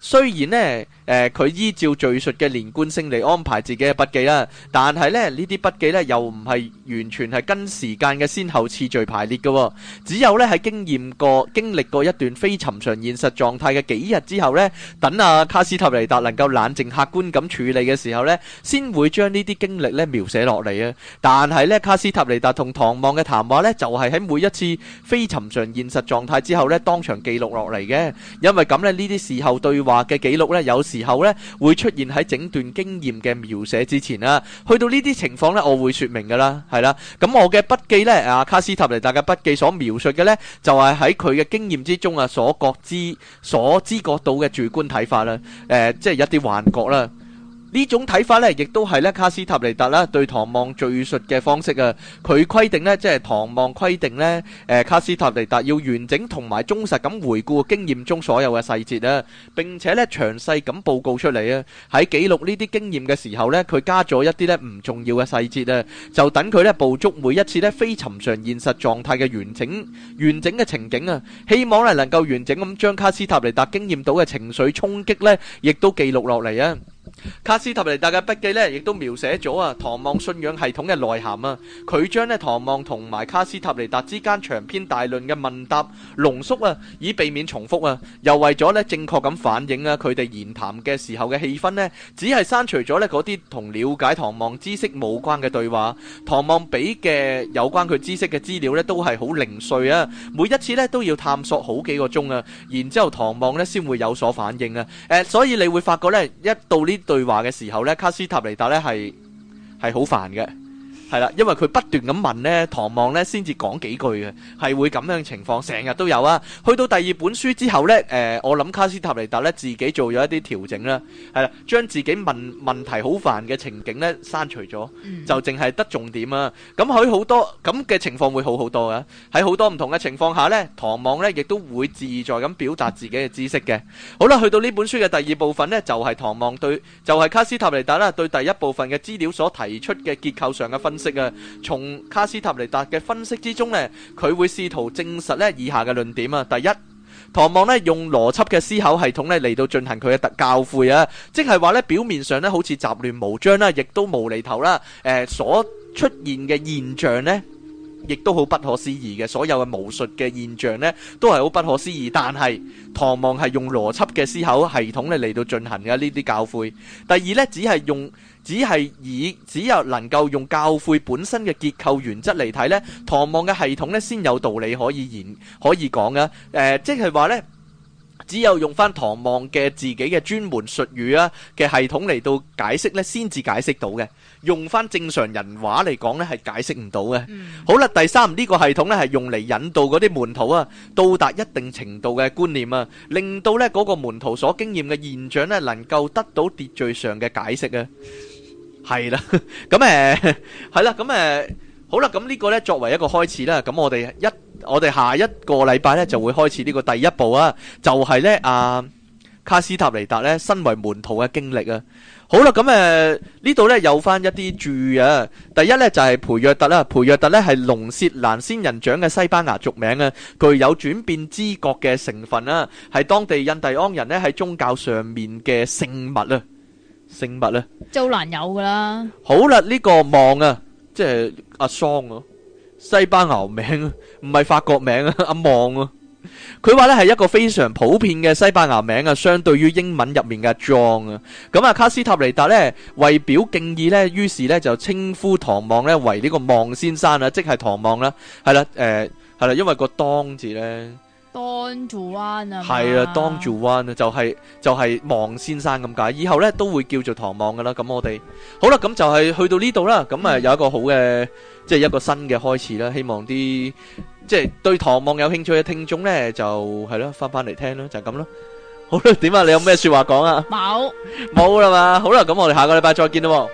雖然呢，誒、呃，佢依照敘述嘅連貫性嚟安排自己嘅筆記啦，但係呢呢啲筆記呢又唔係完全係跟時間嘅先後次序排列嘅，只有呢喺經驗過、經歷過一段非尋常現實狀態嘅幾日之後呢，等阿、啊、卡斯塔尼達能夠冷靜客觀咁處理嘅時候呢，先會將呢啲經歷呢描寫落嚟啊。但係呢，卡斯塔尼達同唐望嘅談話呢，就係、是、喺每一次非尋常現實狀態之後呢，當場記錄落嚟嘅，因為咁呢啲事後對話嘅記錄咧，有時候咧會出現喺整段經驗嘅描寫之前啦。去到呢啲情況咧，我會說明噶啦，係啦。咁我嘅筆記咧，阿卡斯塔尼達嘅筆記所描述嘅咧，就係喺佢嘅經驗之中啊，所覺知、所知覺到嘅主觀睇法啦，誒，即係一啲幻覺啦。呢種睇法咧，亦都係咧卡斯塔尼達啦對唐望敘述嘅方式啊。佢規定咧，即係唐望規定咧，誒，卡斯塔尼達要完整同埋忠實咁回顧經驗中所有嘅細節啊，並且咧詳細咁報告出嚟啊。喺記錄呢啲經驗嘅時候咧，佢加咗一啲咧唔重要嘅細節啊，就等佢咧捕捉每一次咧非尋常現實狀態嘅完整完整嘅情景啊，希望咧能夠完整咁將卡斯塔尼達經驗到嘅情緒衝擊咧，亦都記錄落嚟啊。卡斯塔尼達嘅筆記呢，亦都描寫咗啊，唐望信仰系統嘅內涵啊。佢將呢唐望同埋卡斯塔尼達之間長篇大論嘅問答濃縮啊，以避免重複啊。又為咗呢正確咁反映啊佢哋言談嘅時候嘅氣氛，呢，只係刪除咗呢嗰啲同了解唐望知識冇關嘅對話。唐望俾嘅有關佢知識嘅資料呢，都係好零碎啊。每一次呢都要探索好幾個鐘啊，然之後唐望呢先會有所反應啊。誒，所以你會發覺呢，一到呢。對話嘅時候咧，卡斯塔尼達咧係係好煩嘅。係啦，因為佢不斷咁問呢，唐望呢先至講幾句嘅，係會咁樣情況，成日都有啊。去到第二本書之後呢，誒、呃，我諗卡斯塔尼達呢自己做咗一啲調整啦，係啦，將自己問問題好煩嘅情景呢刪除咗，就淨係得重點啊。咁佢好多咁嘅情況會好好多啊。喺好多唔同嘅情況下呢，唐望呢亦都會自在咁表達自己嘅知識嘅。好啦，去到呢本書嘅第二部分呢，就係、是、唐望對，就係、是、卡斯塔尼達啦，對第一部分嘅資料所提出嘅結構上嘅分。識啊！從卡斯塔尼達嘅分析之中咧，佢會試圖證實咧以下嘅論點啊！第一，唐望咧用邏輯嘅思考系統咧嚟到進行佢嘅特教誨啊，即係話咧，表面上咧好似雜亂無章啦，亦都無厘頭啦。誒,所出現嘅現象咧，亦都好不可思議嘅，所有嘅巫術嘅現象咧，都係好不可思議。但係唐望係用邏輯嘅思考系統嚟嚟到進行嘅呢啲教誨。第二咧，只係用。只係以只有能夠用教誨本身嘅結構原則嚟睇咧，唐望嘅系統咧先有道理可以言，可以講嘅。誒，即係話咧，只有用翻唐望嘅自己嘅專門術語啊嘅系統嚟到解釋咧，先至解釋到嘅。用翻正常人話嚟講咧，係解釋唔到嘅。好啦，第三，呢個系統咧係用嚟引導嗰啲門徒啊，到達一定程度嘅觀念啊，令到咧嗰個門徒所經驗嘅現象咧能夠得到秩序上嘅解釋啊。係啦，咁誒，係啦，咁誒，好啦，咁呢個咧作為一個開始啦，咁我哋一我哋下一個禮拜咧就會開始呢個第一步啊，就係咧阿卡斯塔尼達咧身為門徒嘅經歷啊，好啦，咁誒呢度咧有翻一啲注啊，第一咧就係培約特啦，培約特咧係龍舌蘭仙人掌嘅西班牙俗名啊，具有轉變知覺嘅成分啦，係當地印第安人咧喺宗教上面嘅聖物啊。生物咧，即係好難有噶啦。好啦，呢個望啊，即係阿桑咯，西班牙名，唔係法國名啊。阿望咯，佢話咧係一個非常普遍嘅西班牙名啊，相對於英文入面嘅 John 啊。咁啊，卡斯塔尼達咧為表敬意咧，於是咧就稱呼唐望咧為呢個望先生啊，即係唐望啦，係啦，誒，係啦，因為個當字咧。Don Juan 啊，係啊，Don Juan 啊，就係就係望先生咁解，以後咧都會叫做唐望噶啦。咁我哋好啦，咁就係去到呢度啦。咁啊有一個好嘅，即係一個新嘅開始啦。希望啲即係對唐望有興趣嘅聽眾咧，就係咯翻翻嚟聽咯，就咁咯。好啦，點啊？你有咩說話講啊？冇冇啦嘛。好啦，咁我哋下個禮拜再見咯。